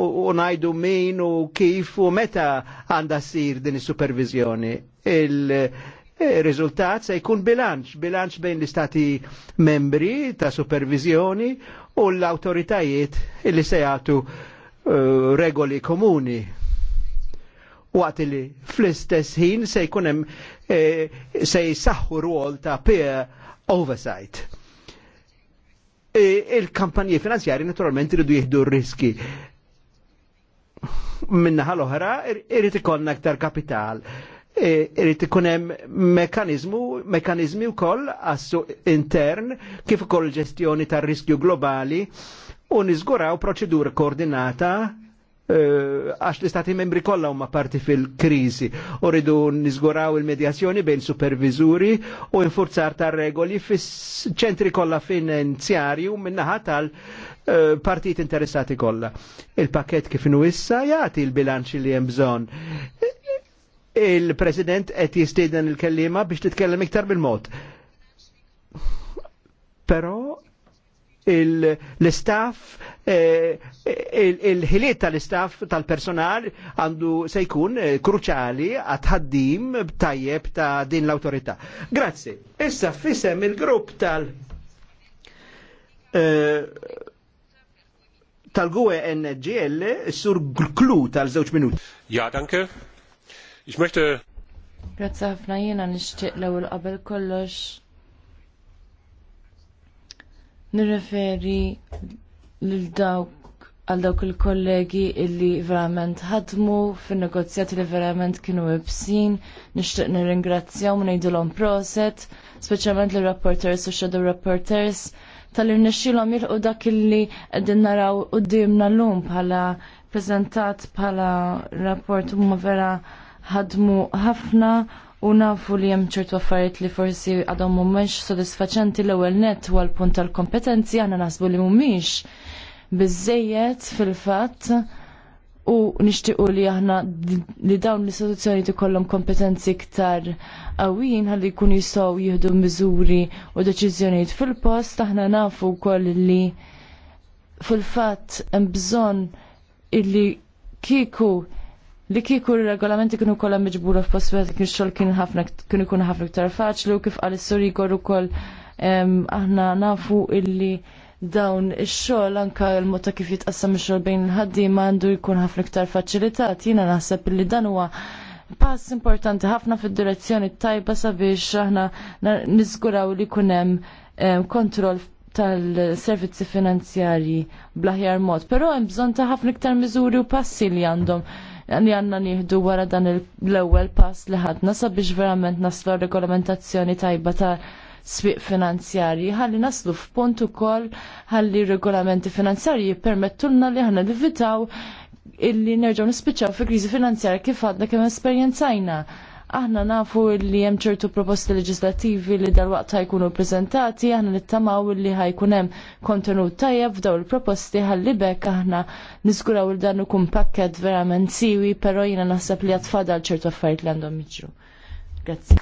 S1: u najdu min u kif u meta għanda sir din is-supervizjoni. il eh, rizultat se jkun bilanċ, bilanċ bejn l-istati membri ta' supervizjoni u l-autoritajiet li se jagħtu uh, regoli komuni. għat li fl-istess ħin se jkunem eh, se jsaħħu ta' peer oversight E il-kampanji finanzjari naturalment iridu jihdu riski. Minna ħal-oħra irrit ikollna aktar kapital. E irrit ikun mekanizmu, mekanizmi u koll assu intern kif koll ġestjoni tar-riskju globali u nizguraw proċedura koordinata Eh, għax l-istati membri kollha huma parti fil-kriżi. Uridu niżguraw il-medjazzjoni bejn supervizuri u infurzar tar regoli fis-ċentri kollha finanzjarju minnaħa tal-partit eh, interessati kollha. Il-pakket kif inhu issa jagħti l-bilanċ li hemm bżonn. Il-President qed jistieden il-kellima biex titkellem iktar bil-mod. Però l-istaff, eh, il-ħiliet tal-istaff tal-personal għandu se jkun eh, kruċali għat-ħaddim tajjeb ta' din l-autorità. Grazzi. Issa fissem il-grupp tal- eh, e tal gwe NGL sur klu tal-żewġ minut. Ja, danke.
S3: Ich möchte. Grazie ħafna jiena nixtieq l-ewwel qabel kollox nirreferi l dawk għal dawk il-kollegi illi verament ħadmu fin negozjati li verament kienu ibsin, nixtieq nirringrazzjaw u ngħidulhom proset, speċjalment lir rapporters u shadow rapporters tal-li nixxilhom jilqu dak illi qegħdin naraw qudiemna llum bħala preżentat bħala rapport huma vera ħadmu ħafna u nafu li hemm ċertu affarijiet li forsi għadhom mhumiex sodisfaċenti l-ewwel net u punt tal-kompetenzi aħna nasbu li mhumiex biżejjed fil-fatt u nixtiequ li aħna li dawn l-istituzzjoni ikollhom kompetenzi iktar qawwin ħalli jkunu jistgħu jieħdu miżuri u deċiżjonijiet fil-post aħna nafu wkoll li fil-fatt hemm bżonn illi kieku li kieku regolamenti kienu kollha miġbura f'possibilità kien xogħol kien ħafna kienu ikun ħafna iktar faċli u kif qal is-sori jkorru wkoll aħna nafu illi dawn ix-xogħol anke l-mod ta' kif jitqassam ix-xogħol bejn il-ħaddiema għandu jkun ħafna iktar faċilitat. Jiena naħseb illi dan huwa pass importanti ħafna fid-direzzjoni tajba sabiex aħna niżguraw li jkun hemm kontroll tal-servizzi finanzjarji bl-aħjar mod. Però hemm bżonn ta' ħafna iktar miżuri u passi li għandhom li għanna nieħdu wara dan l-ewwel pass li ħadna sabiex verament naslu regolamentazzjoni tajba ta' sfiq finanzjarji ħalli naslu f'punt ukoll ħalli regolamenti finanzjari jippermettulna li ħana livitaw illi nerġgħu nispiċċaw fi kriżi finanzjarja kif għadna kemm esperjenzajna. Aħna nafu li hemm ċertu proposti leġislattivi li dalwaqt ħajkunu prezentati, aħna nittamaw li ħajkun hemm kontenut tajjeb f'daw il-proposti ħalli bekk aħna niskuraw il dan ikun pakket verament siwi, però jiena naħseb li għatfadal ċertu affarijiet li għandhom jiġru. Grazzi.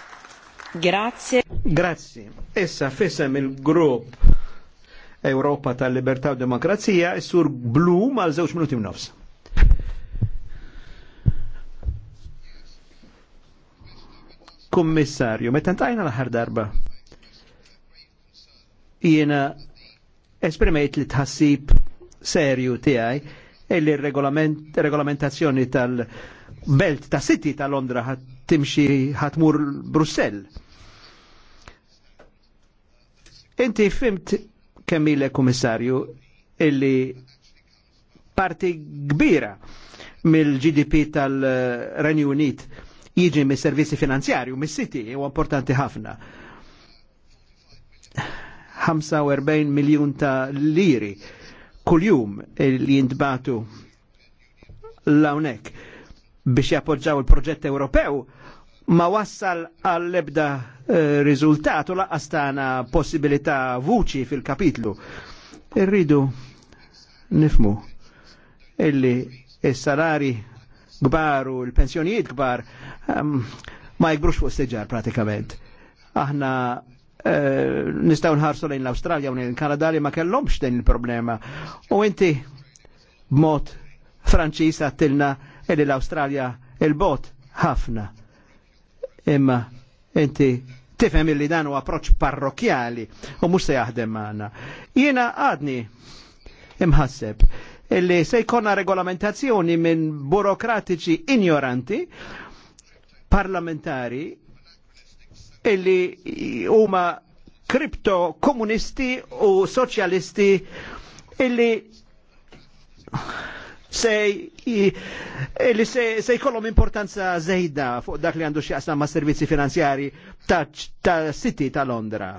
S3: Grazie.
S1: Grazie. Issa fissem il-grupp Europa tal-Libertà u Demokrazija, is-sur Blu mal żewġ minuti mnofs. kummissarju, meta ntajna l-ħar darba, jiena esprimejt li tħassib serju tiegħi illi r regolamentazzjoni tal-belt ta' City ta' Londra ħat timxi ħatmur Brussell. Inti fimt kemm ile kummissarju illi parti kbira mill-GDP tal-Renju Unit jiġi mis-servizzi finanzjarju, mis-siti, u importanti ħafna. 45 miljun ta' liri kuljum li jintbatu l biex jappoġġaw il-proġett Ewropew ma wassal għall-ebda eh, riżultat u laqqas tagħna possibilità vuċi fil-kapitlu. Irridu nifmu illi is-salari gbar u l-pensjonijiet gbar ehm, ma jgbrux fuq s-sġar pratikament. Aħna eh, nistaw nħarsu lejn l-Australja u lejn Kanada li ma kellhomx din il-problema. U inti b'mod Franċis għattilna illi l-Australja il-bot ħafna. Imma inti tifhem li dan huwa approċċ parrokjali u mhux se jaħdem magħna. Jiena għadni imħasseb illi se jkollna regolamentazzjoni minn burokratiċi ignoranti parlamentari illi huma kripto komunisti u soċjalisti illi se li se, se jkollhom importanza żejda fuq dak li għandu x'jaqsam ma' servizzi finanzjari ta' siti ta' Londra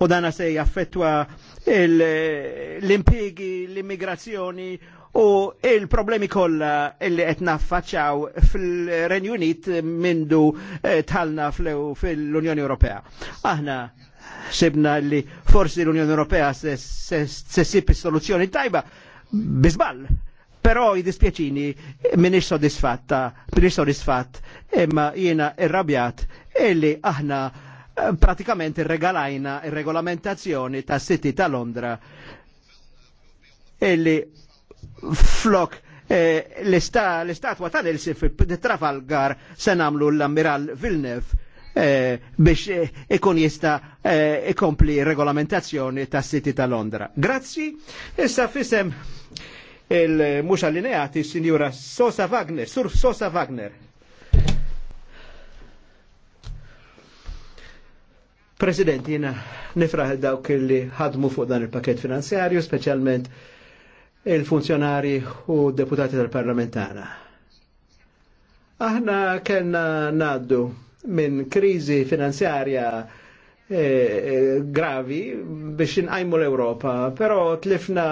S1: u dana se jaffetwa l-impiegi, l-immigrazzjoni u il-problemi kollha li qed naffaċċaw fil-Renju Unit mindu eh, talna fil-Unjoni Ewropea. Aħna sibna li forsi l-Unjoni Ewropea se sib soluzzjoni tajba biżball. Però i jidispjaċini minix sodisfatta, minix sodisfatt, imma jiena irrabjat illi aħna pratikament irregalajna il regolamentazzjoni ta' siti ta' Londra illi flok eh, l-istatwa ta' Nelsi Trafalgar se namlu l-ammiral Vilnev eh, biex eh, ikun jista ikompli regolamentazzjoni ta' siti ta' Londra. Grazzi, issa fisem il muxa allineati, signora Sosa Wagner, Sur Sosa Wagner. President, jina nifraħ dawk li ħadmu fuq dan il-paket finanzjarju, specialment il-funzjonari u deputati tal-parlamentana. Aħna kellna naddu minn krizi finanzjarja eh, eh, gravi biex inqajmu l-Europa, però tlifna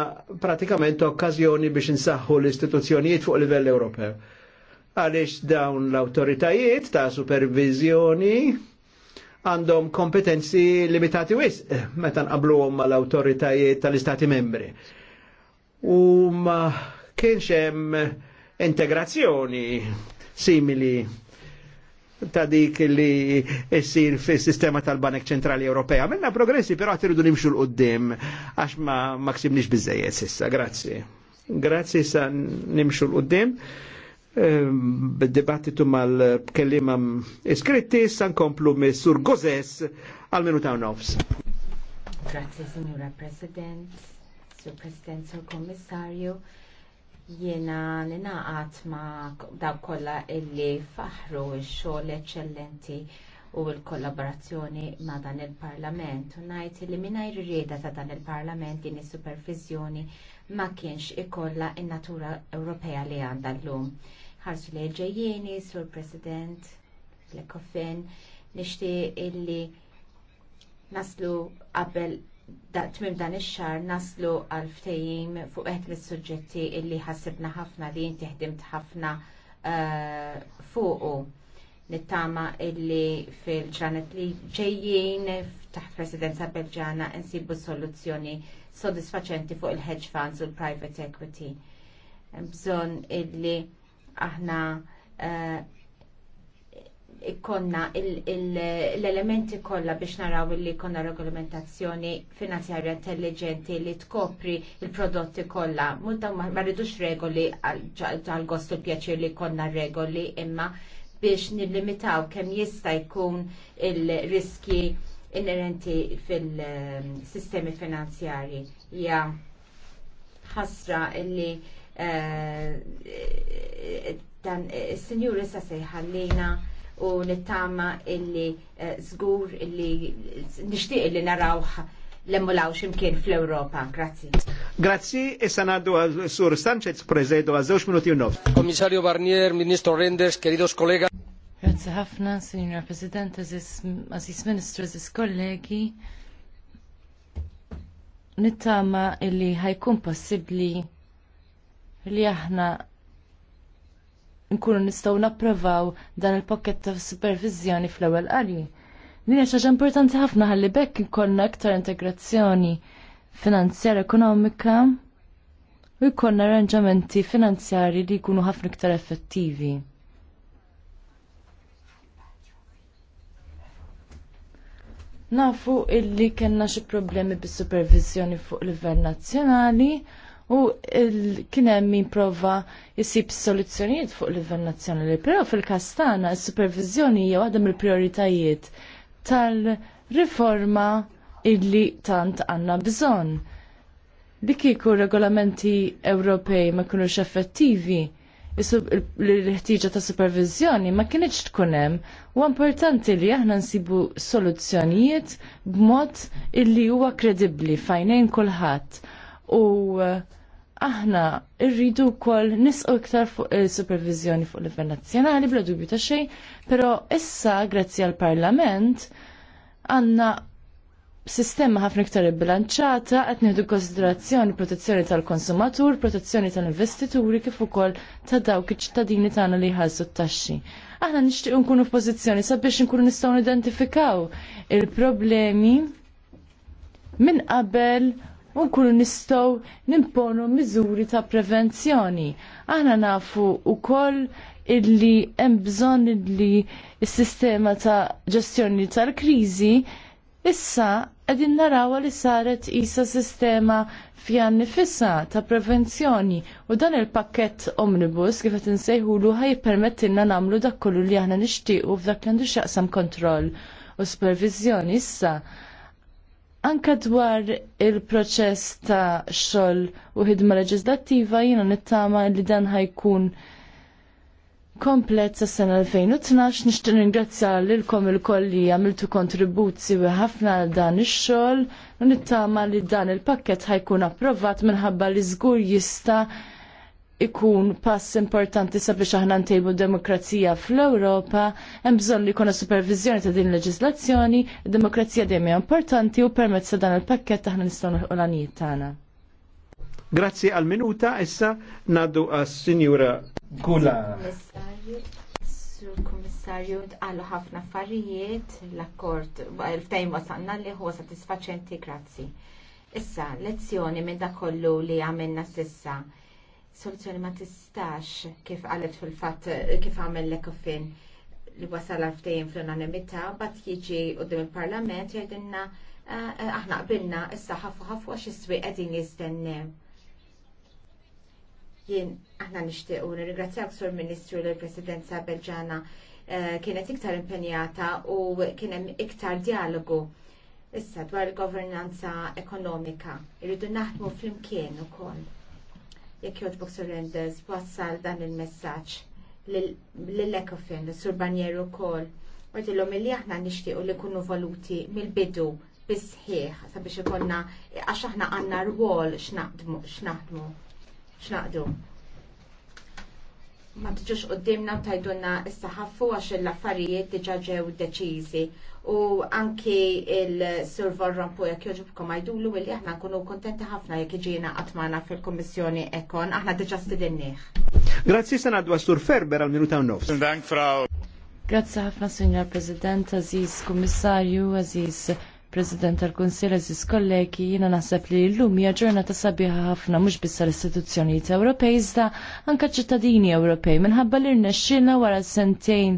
S1: pratikament okkazjoni biex insaħħu l-istituzzjonijiet fuq livell Ewropew. Għaliex dawn l-autoritajiet ta' supervizjoni għandhom kompetenzi limitati wis eh, meta nqabluhom mal-awtoritajiet tal-Istati membri. U ma kienx hemm integrazzjoni simili ta' dik li jessir fis sistema tal-Banek Ċentrali Ewropea. Minna progressi, però għatiridu nimxu l-qoddim, għax ma, ma ksibniex bizzejiet sissa. Grazzi. Grazzi sa nimxu l-qoddim. Ehm, bid-dibattitu mal-kellima iskritti san komplu mis-sur Gozes għal-minuta nofs.
S2: Grazie, Signora President, Sur President, Sur Kommissarju. Jiena ninaqat ma daw kolla illi faħru il-xogħol eċċellenti u l-kollaborazzjoni ma dan il-Parlament. U ngħid li mingħajr rieda ta' dan il-Parlament din is-supervizjoni ma kienx ikolla in-natura Ewropea li għandha llum. Ħarsu li ġejjieni, Sur President, l-Ekofin, nixtieq illi naslu qabel tmim dan ix-xar naslu għal ftejim fuq qed mis-suġġetti illi ħassibna ħafna li inti ħdimt ħafna eh, fuqu nittama illi fil-ġranet li ġejjin taħt presidenza belġana insibu soluzzjoni sodisfaċenti fuq il-hedge funds u l-private equity. Bżon illi aħna eh, ikkonna l-elementi kollha biex naraw illi konna regolamentazzjoni finanzjarja intelligenti li tkopri il-prodotti kollha. Multa ma rridux regoli għal-gost il-pjaċir li konna regoli imma biex nillimitaw kemm jista' jkun il-riski inerenti fil-sistemi finanzjari. Ja ħasra illi eh, dan is-sinjur eh, issa jħallina u nittama illi żgur eh, li illi li illi narawħ l-emmulaw ximkien fl-Europa. Grazzi.
S1: Grazzi, issa naddu għal Sur Sanchez, prezedu għal zewx minuti u nofs. Komissarju Barnier, Ministro Renders, queridos kollega.
S3: Grazzi ħafna, signora President, Aziz Ministru, Aziz Kollegi. Nittama illi ħajkun possibli li aħna nkunu nistgħu napprovaw dan il pocket ta' supervizjoni fl-ewwel qari. Din hija ħaġa importanti ħafna ħalli bekk ikollna aktar integrazzjoni finanzjar ekonomika u jkollna arranġamenti finanzjari li jkunu ħafna iktar effettivi. Nafu illi kena xi problemi bis-supervizjoni fuq livell nazzjonali u kien hemm min prova jisib soluzzjonijiet fuq livell nazzjonali, però fil-kastana s-supervizjoni hija waħda mill-prioritajiet tal-riforma illi tant għanna bżonn li kieku regolamenti Ewropej ma jkunux effettivi, l-ħtiġa ta' supervizjoni ma kienieċ tkun hemm. U importanti li aħna nsibu soluzzjonijiet b'mod illi huwa kredibbli fajnejn kulħadd. U eh, aħna rridu wkoll nisqu iktar fuq il-supervizjoni fuq livell nazzjonali bla dubju ta' xejn, però issa grazzi għall-Parlament għandna sistema ħafna iktar ibbilanċata qed nieħdu konsiderazzjoni protezzjoni tal-konsumatur, protezzjoni tal-investituri kif ukoll ta' dawk iċ-ċittadini tagħna li jħallsu t-taxxi. Aħna nixtiequ nkunu f'pożizzjoni sabiex nkunu nistgħu nidentifikaw il-problemi minn qabel u nkunu nistgħu nimponu miżuri ta' prevenzjoni. Aħna nafu wkoll illi hemm bżonn illi s-sistema ta' ġestjoni tal-kriżi issa qegħdin naraw li saret jisa sistema fjan nifissa ta' prevenzjoni u dan il-pakkett omnibus kif qed insejħulu ħajpermettilna nagħmlu dak kollu li aħna nixtiequ f'dak li għandu x'aqsam kontroll u supervizjoni issa. Anka dwar il-proċess ta' xogħol u ħidma leġislattiva jiena nittama li dan ħajkun jkun komplet sa sena 2012 nishtu ringrazzja lilkom il-koll li għamiltu kontribuzzi u ħafna għal dan ix-xogħol u nittama li dan il-pakkett ħajkun approvat minħabba li żgur jista' ikun pass importanti sabiex aħna ntejbu demokrazija fl-Ewropa, hemm bżonn li jkun supervizjoni ta' din leġislazzjoni, id-demokrazija dejjem hija importanti u permezz ta' dan il-pakkett aħna nistgħu nilħu l-għanijiet tagħna.
S1: Grazzi għal minuta issa nadu għas-Sinjura Kula.
S2: Sur Komissarju, għallu ħafna affarijiet, l-akkord, il-ftejn wasanna li huwa satisfaċenti, grazzi. Issa, lezzjoni minn da kollu li għamilna sissa soluzzjoni ma tistax kif għalet fil-fat kif għamel l-ekofin li wasal għaftejn fl-unanimità, bat jiġi għoddim il-parlament jgħidinna eh, eh, aħna qbilna issa ħafu ħafu għax iswi għedin jistennew. Jien aħna nixtiequ nirringrazzjak sur Ministru l presidenza Belġana eh, kienet iktar impenjata u kien hemm iktar dialogu. Issa dwar il-governanza ekonomika, irridu naħdmu flimkien ukoll. Jekk jogħġbok Sur Rendez wassal dan il-messaġġ lill-Ekofin, Sur Banjeru wkoll. Għordilhom li aħna nixtiequ li kunu voluti mill-bidu bisħiħ, sabiex ikonna għax aħna għandna rwol x'naħdmu xnaqdu. Ma tġux qoddimna tajdunna issa saħafu għax l-affarijiet diġa ġew deċiżi u anki il-Survor Rampu jek joġibkom għajdulu li aħna nkunu kontenti ħafna jek iġina għatmana fil-Kommissjoni
S3: Ekon, aħna diġa stidinniħ.
S1: Grazzi sanadwa Sur Ferber għal-minuta un nofs.
S3: Grazzi ħafna, Signor President, Aziz Komissarju, Aziz President tal-Kunsil eżis kollegi, jina naħseb li l-lum hija ġurnata sabiħa ħafna mhux biss l-istituzzjonijiet Ewropej iżda anke ċittadini Ewropej minħabba li rnexxilna wara sentejn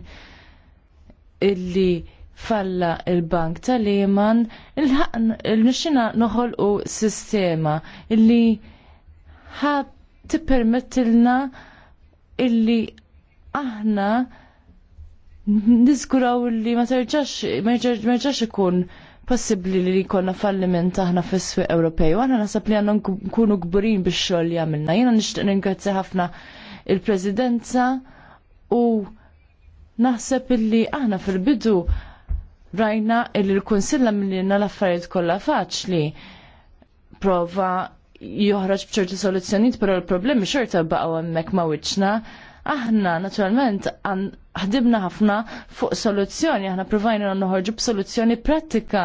S3: illi falla il-bank tal iman il-nixina noħolqu sistema illi ħab tippermettilna illi aħna niskuraw li ma terġax ma terġax ikun possibbli li jkollna falliment aħna fis-swieq Ewropej. U aħna nasab li għandna nkunu kburin bix-xogħol li għamilna. Jiena nixtieq ningrazzja ħafna il-Presidenza u naħseb illi aħna fil-bidu rajna illi l-Kunsilla għamilna l-affarijiet kollha faċli prova joħroġ bċertu soluzzjonijiet, però l-problemi xorta baqgħu hemmhekk ma' wiċċna Aħna, naturalment, ħdibna ħafna fuq soluzzjoni, aħna provajna noħorġu b'soluzzjoni pratika.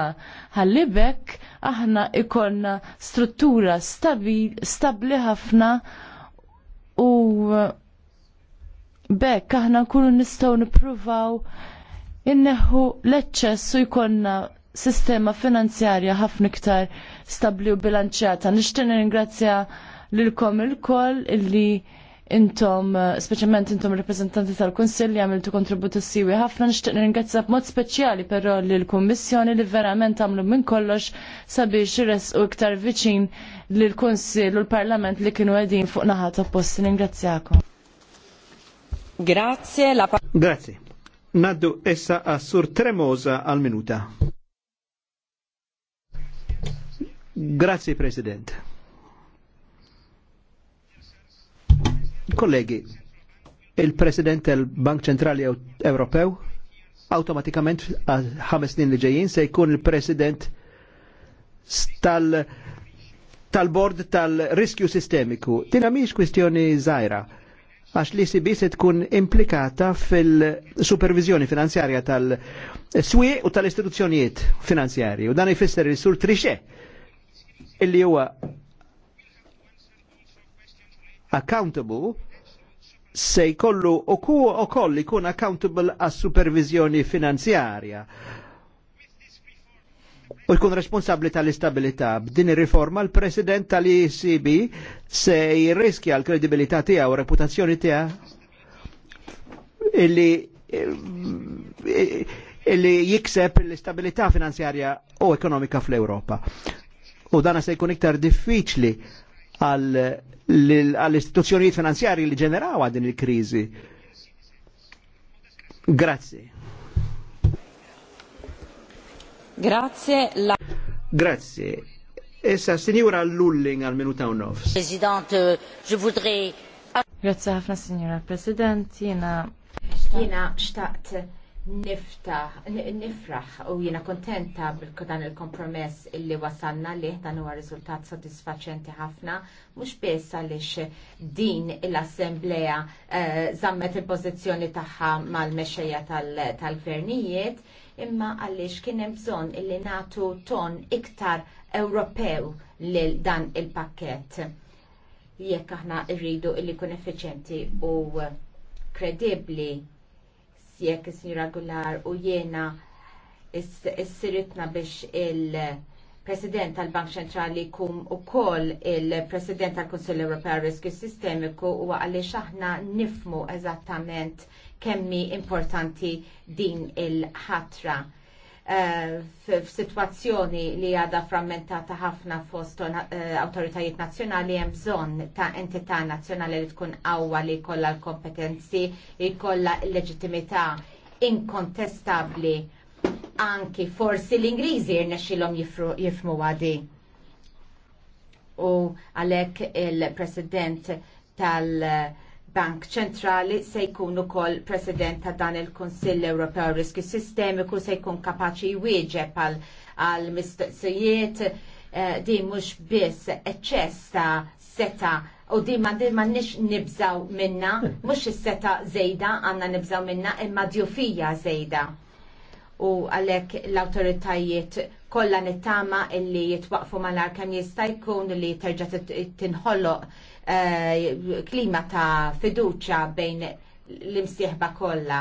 S3: Ħallibek, aħna ikolna struttura stabli ħafna u bekk aħna nkunu nistgħu nippruvaw inneħħu l-eċċess u jkollna sistema finanzjarja ħafna iktar stabbli u bilanċjata. Nixtieq ringrazzja lilkom ilkoll illi intom, eh, speċjalment intom rappresentanti tal-Konsilli għamiltu kontributi siwi ħafna nixtieq nirringrazzja b'mod speċjali però lill kummissjoni li verament għamlu minn kollox sabiex irresqu iktar viċin lill kunsill u l-Parlament li kienu qegħdin fuq naħa opposti. Ningrazzjakom. Grazie. La...
S1: Grazie. Naddu essa a sur Tremosa al minuta Grazie, Presidente. Kollegi, il-President tal-Bank Ċentrali Ewropew automatikament għal ħames snin li ġejjin se jkun il-President tal-Bord tal-Riskju Sistemiku. Tina miex kwistjoni zaħira għax li si se tkun implikata fil-supervizjoni finanzjarja tal swi u tal-istituzzjonijiet finanzjarji. U dan jfisser il-sur trixe illi huwa accountable se jkollu u koll ikun accountable għas supervizjoni finanzjarja u jkun responsabli tal-istabilità. B'din ir-riforma l-President tal-ECB se jirriskja l-kredibilità tiegħu u reputazzjoni tiegħu illi illi jikseb l-istabilità finanzjarja u ekonomika fl-Europa. U dana se jkun iktar diffiċli għall-istituzzjonijiet finanzjari li ġeneraw din il krizi Grazie.
S3: Grazie. La...
S1: Grazie. Issa, Signora Lulling al minuta un nofs.
S3: Presidente, je voudrais... Grazie ħafna, Signora Presidente. jena... Jena Jena,
S2: xtaqt niftaħ, nifraħ u jiena kontenta dan il-kompromess illi wasalna li dan huwa riżultat sodisfaċenti ħafna, mhux biss għaliex din l-assembleja eh, zammet il-pożizzjoni tagħha mal-mexxejja tal-gvernijiet, imma għaliex kien hemm bżonn illi nagħtu ton iktar Ewropew lil dan il-pakkett jekk aħna rridu illi kun effiċenti u eh, kredibbli jekk is-Sinjura Gular u jiena s-siritna biex il-President tal-Bank Ċentrali kum u koll il-President tal-Konsil Ewropea Riskju Sistemiku u għalli aħna nifmu eżattament kemmi importanti din il-ħatra Eh, f'sitwazzjoni li għadha frammentata ħafna fost eh, awtoritajiet nazzjonali hemm bżonn ta' entità nazzjonali li tkun qawwa li jkollha l-kompetenzi, jkollha l-leġittimità inkontestabbli anki forsi l-Ingliżi jirnexxilhom jifmu għadi. U għalhekk il-President tal- bank ċentrali se jkun ukoll president ta' dan il-Kunsill Ewropew Riskju Sistemiku se jkun kapaċi jwieġeb għal mistoqsijiet eh, di mhux biss eċċess ta' seta' u di ma nix nibżaw minna, mux is-seta zejda għanna nibżaw minna imma djufija zejda. U għalek l-autoritajiet kollha nittama illi jitwaqfu mal-arkam jista' jkun li terġa' tinħoloq. Eh, klima ta' fiduċa bejn l-imsieħba kollha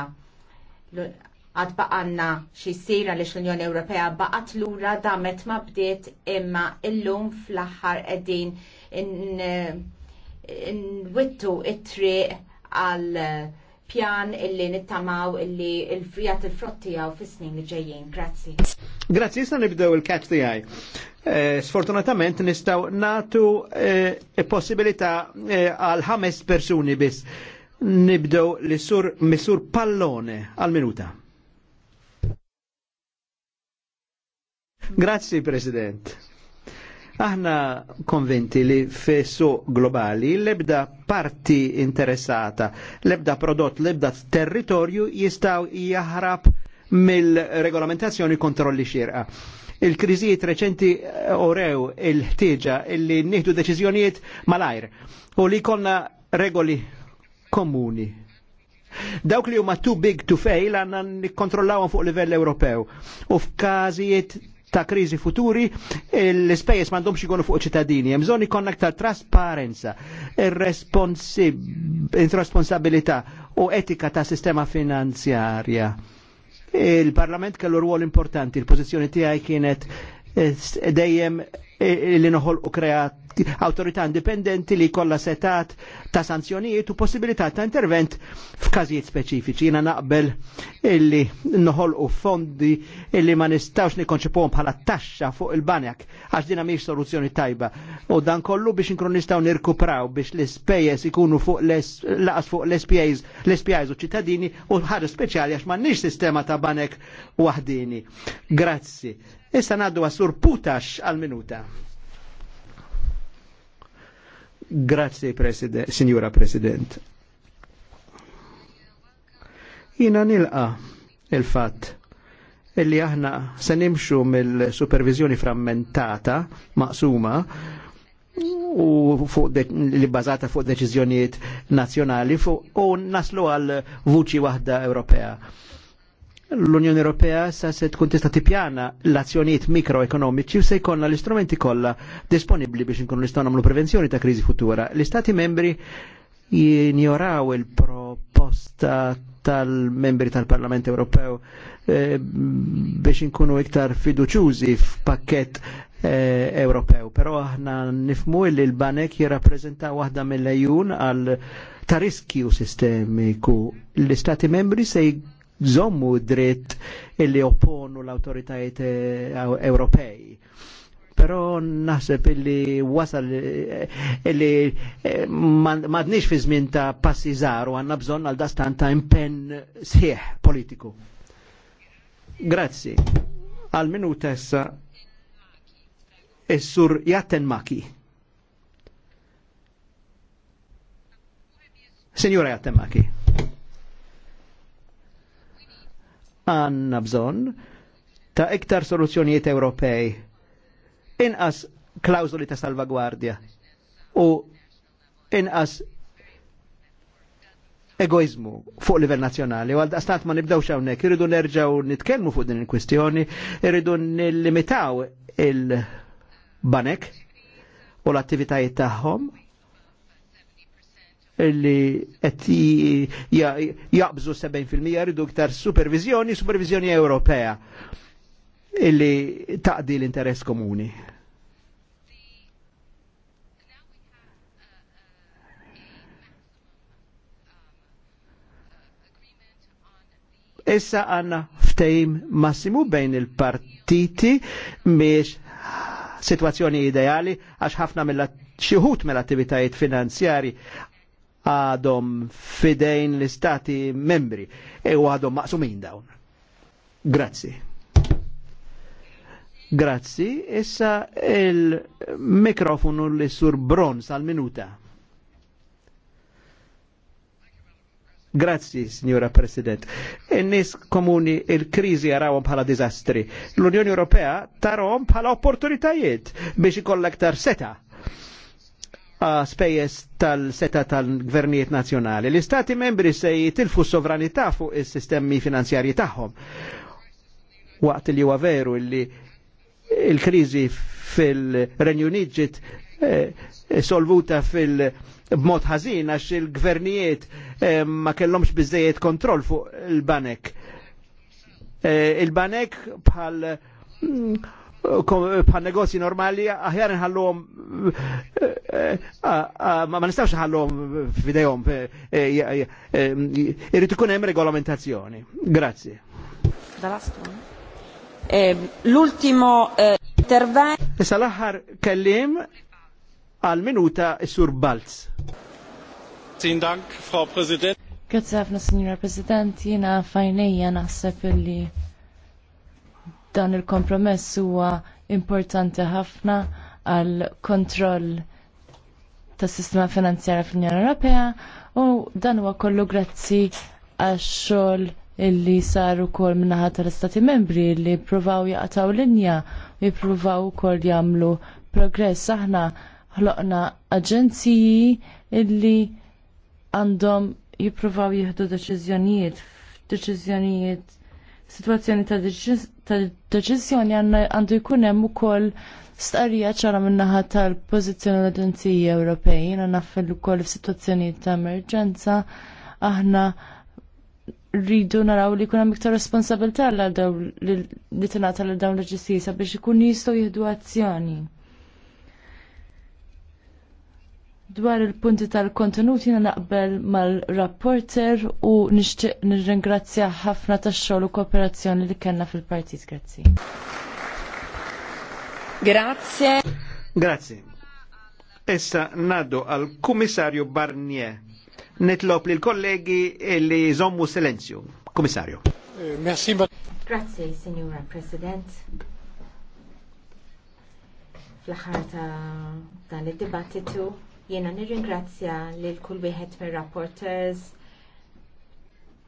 S2: għad baqanna xissir li l-Unjoni Ewropea baqat lura damet ma bdiet imma illum fl axar edin n-wittu it-triq għal pjan illi nittamaw illi il-frijat il frotti tijaw fis-snin li ġejjin. Grazzi.
S1: Grazzi, jisna nibdew il-catch the eye. Eh, sfortunatament nistaw natu eh, e possibilità eh, għal eh, ħames persuni biss. Nibdew li sur misur pallone għal minuta. Grazzi President. Aħna konvinti li fessu globali l-ebda parti interessata, l'ebda prodott, l-ebda territorju jistaw jahrab mill-regolamentazzjoni kontrolli xirqa Il-kriżijiet reċenti eh, orew il-ħtieġa illi nieħdu deċiżjonijiet malajr u li konna regoli komuni. Dawk li huma too big to fail għandna nikkontrollawhom fuq livell Ewropew. U f'każijiet ta' kriżi futuri l-ispejjeż m'għandhomx ikunu fuq ċittadini. Hemm bżonn ikun aktar trasparenza, irresponsabilità u etika ta' sistema finanzjarja Il-Parlament kellu rwol importanti, il pozizjoni tiegħi kienet eh, dejjem eh, li noħolqu kreat autorità indipendenti li kollha setat ta' sanzjonijiet u possibilità ta' intervent f'każijiet speċifiċi. Jiena naqbel illi noħolqu fondi illi ma nistawx nikkonċipuhom bħala taxxa fuq il-banjak għax din mhix soluzzjoni tajba. U dan kollu biex inkunu nistgħu nirkupraw biex l-ispejjeż ikunu fuq laqas fuq l-SPIs l-SPIs u ċittadini u ħaġa speċjali għax m'għandniex sistema ta' banek waħdini. Grazzi. Issa ngħaddu għas-sur putax għal-minuta. Grazie President, Signora President. Jina nilqa il-fat illi aħna se nimxu mill-supervizjoni frammentata, maqsuma, u fuq li bazata fuq deċiżjonijiet nazzjonali fuq u naslu għal vuċi waħda Ewropea l-Unjoni Ewropea sa se tkun tista' tippjana l-azzjonijiet mikroekonomiċi u se jkollna l-istrumenti kollha disponibbli biex inkunu nistgħu nagħmlu prevenzjoni ta' kriżi futura. L-Istati membri jinjoraw il-proposta tal-membri tal-Parlament Ewropew eh, biex inkunu iktar fiduċjużi f'pakket eh, Ewropew. Però aħna nifmu li l-banek jirrappreżenta waħda mill-ejjun għal ta' riskju sistemiku. L-Istati membri se jżommu dritt illi opponu l-autoritajiet eh, Ewropej. Pero naħseb illi wasal eh, illi eh, madnix fi żmien ta' passi żgħar u għandna bżonn għal dastan ta' impenn sħiħ politiku. Grazzi. Għal minu tessa is-sur Jatten Maki. Signora Jatten Maki. għanna bżon ta' iktar soluzzjonijiet Ewropej, inqas klawzuli ta' salvagwardja u inqas egoizmu fuq livell nazzjonali. Għal daqstat ma nibdaw hawnhekk, irridu nerġgħu nitkellmu fuq din il-kwistjoni, irridu nillimitaw il-banek u l-attivitajiet tagħhom li qed jaqbżu 70% jridu iktar supervizjoni, supervizjoni Ewropea illi taqdi l-interess komuni. Issa għanna ftejim massimu bejn il-partiti biex situazzjoni ideali għax ħafna mill-xieħut mela- mill-attivitajiet finanzjari għadhom fidejn l-istati membri e u għadhom maqsumin dawn. Grazzi. Grazzi, issa il-mikrofonu li sur Bron sal-minuta. Grazzi, signora President. in komuni il krizi jarawhom bħala dizastri. L-Unjoni Ewropea tarahom bħala opportunitajiet biex ikollha aktar seta' spejjeż tal-seta tal-gvernijiet nazzjonali. L-istati membri se jitilfu sovranità fuq is-sistemi finanzjarji tagħhom. Waqt li huwa veru li il-kriżi fil-Renju Unit ġiet eh, solvuta fil- b'mod ħażin għax il-gvernijiet eh, ma kellhomx biżejjed kontroll fuq il-banek. Eh, il-banek bħal mm, bħal negozji normali aħjar nħallom, eh, eh, eh, ma nistax nħallom fidejom, irid ikun hemm regolamentazzjoni. Grazie.
S2: L-ultimo
S3: intervent.
S1: Issa l-aħħar kellim għal minuta sur Balz. Vielen Dank, Frau Präsident.
S3: Grazie ħafna, Signora President, jina fajnejja naħseb illi dan il-kompromess huwa importanti ħafna għal kontroll tas sistema finanzjara fl-Unjoni Ewropea u dan huwa kollu grazzi għax xogħol illi sar ukoll min-naħa tal-Istati Membri li jippruvaw jaqtaw linja u jippruvaw ukoll jagħmlu progress aħna ħloqna aġenziji illi għandhom jippruvaw jieħdu deċiżjonijiet f'deċiżjonijiet situazzjoni ta' deċiżjoni għandu jkun hemm ukoll stqarrija ċara min-naħa tal pozizjoni l-Aġenziji Ewropej. Jiena naf ukoll f'sitwazzjonijiet ta' emerġenza aħna rridu naraw li jkun hemm iktar responsabilità li tingħata għal dawn l-ġustizja biex ikun jistgħu jieħdu azzjoni. Dwar il-punti tal kontenuti na naqbel mal-rapporter u nishtiq nirringrazzja ħafna tax xogħol u kooperazzjoni li kellna fil-partit grazzi. Grazie.
S1: Grazie. Issa naddu għal kummissarju Barnier. Nitlob li l-kollegi li zommu silenzju. Kummissarju. Merci.
S2: Grazie, Signora President fl-ħar ta' dan id-dibattitu Jena nirringrazzja lil kull wieħed mir-rapporters,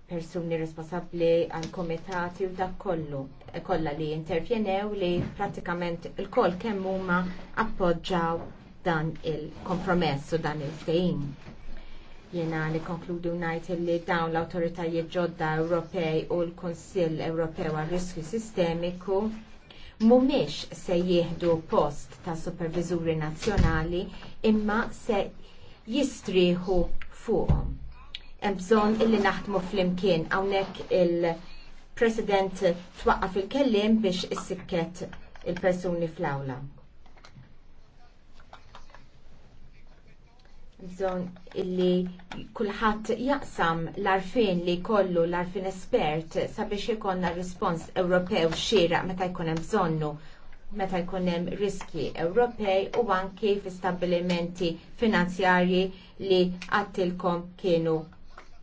S2: persuni responsabbli għal komitati u dak kollu e kollha li intervjenew li pratikament il-koll kemm huma appoġġaw dan il-kompromess u dan il-ftehim. Jena konkludu ngħid li dawn l-awtoritajiet ġodda Ewropej u l-Kunsill Ewropew għal riskju sistemiku mhumiex se jieħdu post ta' superviżuri nazzjonali imma se jistrieħu fuqhom. Hemm bżonn illi naħdmu flimkien hawnhekk il-President twaqqaf il-kellim biex issikket il-persuni fl-awla. bżon illi kulħadd jaqsam l-arfin li kollu l-arfin espert sabiex ikonna rispons Ewropew xieraq meta jkun hemm bżonnu meta jkun hemm riski Ewropej u anki f'istabbilimenti finanzjarji li għattilkom kienu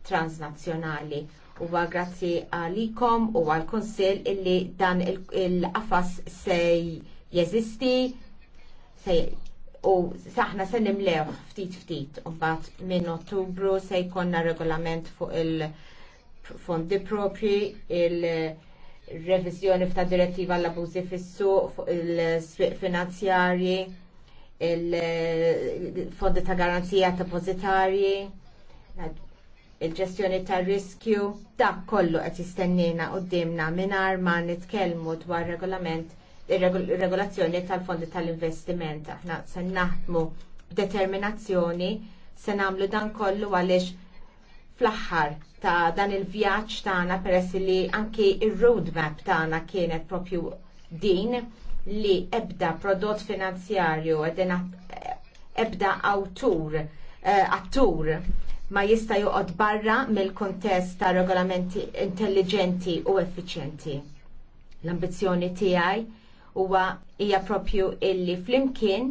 S2: transnazzjonali. Huwa grazzi għalikom u għall kunsill illi dan il-qafas se jeżisti se u saħna se nimlew ftit ftit u bat minn ottubru se jkonna regolament fuq il-fondi propri il-revizjoni f'ta' direttiva l-abużi fis-suq fuq il sfiq finanzjarji il-fondi ta' garanzija depozitarji il-ġestjoni tar riskju dak kollu qed jistennina qudiemna mingħajr ma nitkellmu dwar regolament regolazzjoni tal-fondi tal-investiment. Aħna se naħdmu determinazzjoni se nagħmlu dan kollu għaliex fl-aħħar ta' dan il-vjaġġ tagħna peress li anki ir-roadmap tagħna kienet propju din li ebda prodott finanzjarju ebda awtur eh, attur ma jista' joqgħod barra mill-kuntest ta' regolamenti intelligenti u effiċjenti. L-ambizzjoni tiegħi huwa hija propju illi flimkien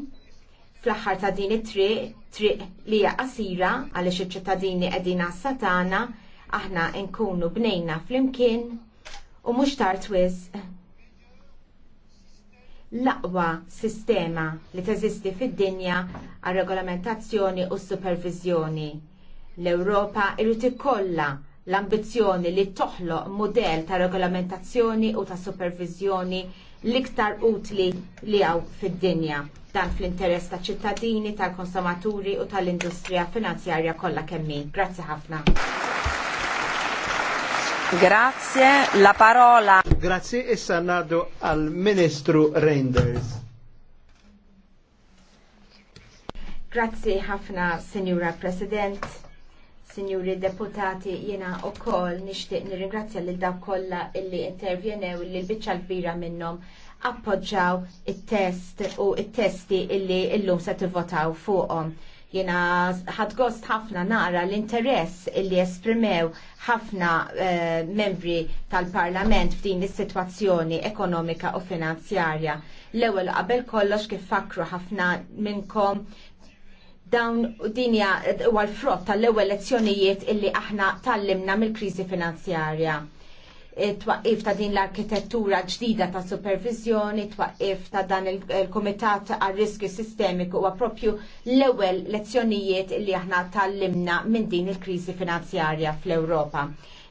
S2: fl-aħħar ta' din it-triq, triq li hija qasira għaliex iċ-ċittadini qegħdin tagħna aħna nkunu bnejna flimkien u mhux tard wisq. L-aqwa sistema li teżisti fid-dinja għal regolamentazzjoni u supervizjoni. L-Ewropa irrid ikollha l-ambizzjoni li toħloq mudell ta' regolamentazzjoni u ta' supervizjoni l-iktar utli li għaw fid-dinja dan fl-interess ta' ċittadini, tal-konsumaturi u tal-industrija finanzjarja kollha kemmi. Grazzi ħafna. Grazie,
S1: la parola. Grazie, issa e nadu għal Ministru Reinders.
S2: Grazie ħafna, Signora President. Signori deputati, jena u koll nishtiq nirringrazzja lil dak kollha illi intervjenew li l-biċċa l-bira minnhom appoġġaw it-test u it-testi illi illum se tivvotaw fuqhom. Jena ħadgost ħafna nara l-interess illi esprimew ħafna eh, membri tal-Parlament f'din is-sitwazzjoni ekonomika u finanzjarja. L-ewwel qabel kollox kif fakru ħafna minnkom dawn dinja u għal-frott tal-ewwel lezzjonijiet illi aħna tallimna mill-kriżi finanzjarja. E, twaqif ta' din l-arkitettura ġdida ta' supervizjoni, twaqif ta' dan il-Komitat għal riskju sistemiku u għapropju l-ewwel lezzjonijiet illi aħna tallimna minn din il-kriżi finanzjarja fl-Ewropa.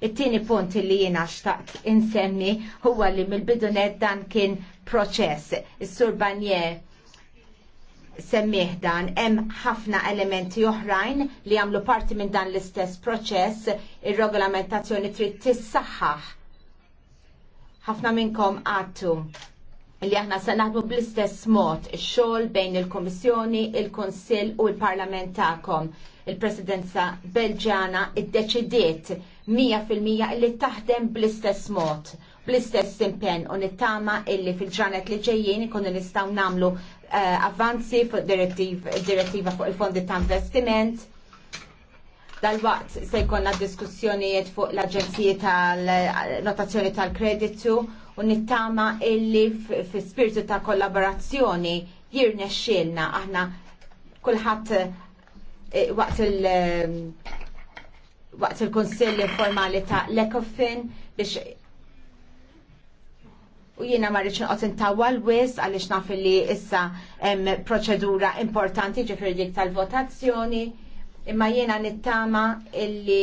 S2: It-tieni punt li jiena xtaqt insemmi huwa li mill-bidunet dan kien proċess. Is-Sur semmieħ dan, hemm ħafna elementi oħrajn li għamlu parti minn dan l-istess proċess, ir-regolamentazzjoni trid tissaħħaħ. Ħafna minnkom għattu li aħna se naħdmu bl-istess mod ix-xogħol bejn il-Kummissjoni, il-Kunsill u l-Parlament tagħkom. Il-Presidenza Belġana iddeċidiet 100% li taħdem bl-istess mod l istess impenn u nittama illi fil-ġranet li ġejjien ikunu nistgħu nagħmlu uh, eh, avvanzi fuq direttiva fuq il-fondi ta' investiment. Dal-waqt se jkollna diskussjonijiet fuq l aġenzija tal-Notazzjoni tal-Kreditu u nittama illi fil spirtu ta' kollaborazzjoni xilna aħna kulħadd eh, waqt il- eh, waqt il konsilli informali ta' l-Ecofin biex u jiena ma rridx inqos intawwal wis għaliex naf li issa hemm proċedura importanti ġifier dik tal-votazzjoni imma jiena nittama illi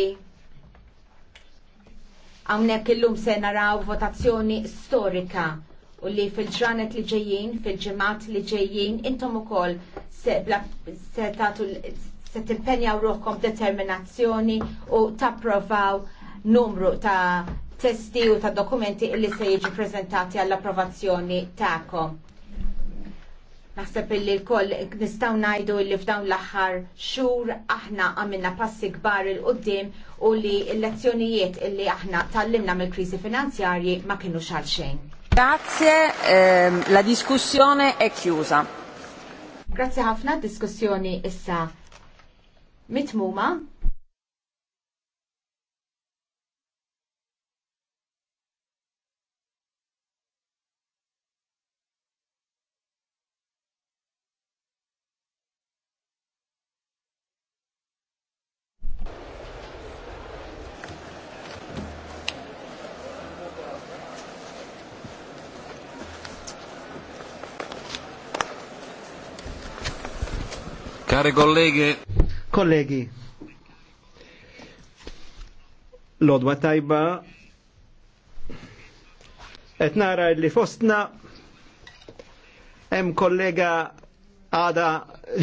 S2: hawnhekk illum se naraw votazzjoni storika u li fil-ġranet li ġejjin, fil-ġemat li ġejjin, intom ukoll se, se, se timpenjaw ruħkom determinazzjoni u tapprovaw numru ta' testi u ta' dokumenti illi se jiġi prezentati għall-approvazzjoni ta'kom. Naħseb illi l-koll nistaw najdu illi f'dawn l-axħar xur aħna għamilna passi kbar il-qoddim u li l-lezzjonijiet illi aħna tallimna mill-krizi finanzjarji ma kienu xalxejn. Grazie, ehm, la diskussjoni è chiusa. Grazie ħafna, diskussjoni issa mitmuma.
S1: Care colleghe. Kollegi. Lodwa tajba. Et nara li fostna hemm kollega għada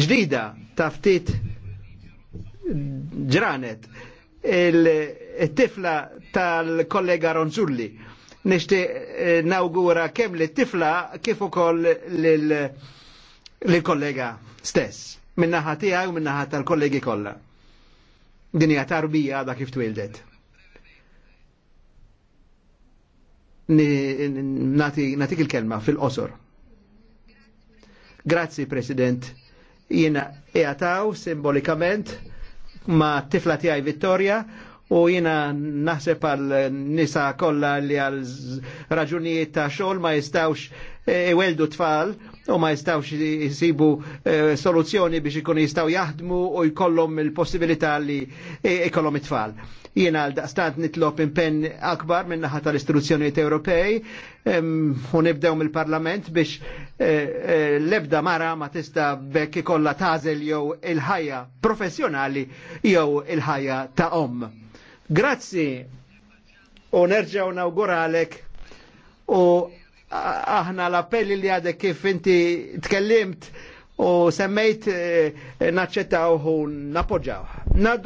S1: ġdida ta' ftit ġranet il-tifla tal-kollega Ronzulli. Nishti eh, nawgura kemm li tifla kif ukoll l kollega stess minnaħa tiegħi u minnaħa tal-kollegi kollha. Din hija tarbija għadha kif twildet. Natik il-kelma fil-qosor. Grazzi, President. Jiena jgħataw simbolikament ma tifla tijaj Vittoria u jina naħseb għal nisa kolla li għal raġunijiet ta' xol ma jistawx e weldu tfal u ma jistawx jisibu eh, soluzzjoni biex ikun jistaw jaħdmu u jkollhom il-possibilità li eh, ikollhom it-tfal. Jiena għal daqstant nitlob impenn akbar minn naħa tal-istituzzjonijiet Ewropej u nibdew mill-Parlament biex eh, l-ebda mara ma tista bekk ikollha tażel jew il-ħajja professjonali jew il-ħajja ta' om. Grazzi u nerġgħu nawguralek u aħna l-appelli li għadek kif inti tkellimt u semmejt eh, naċċettaw u napoġġaw.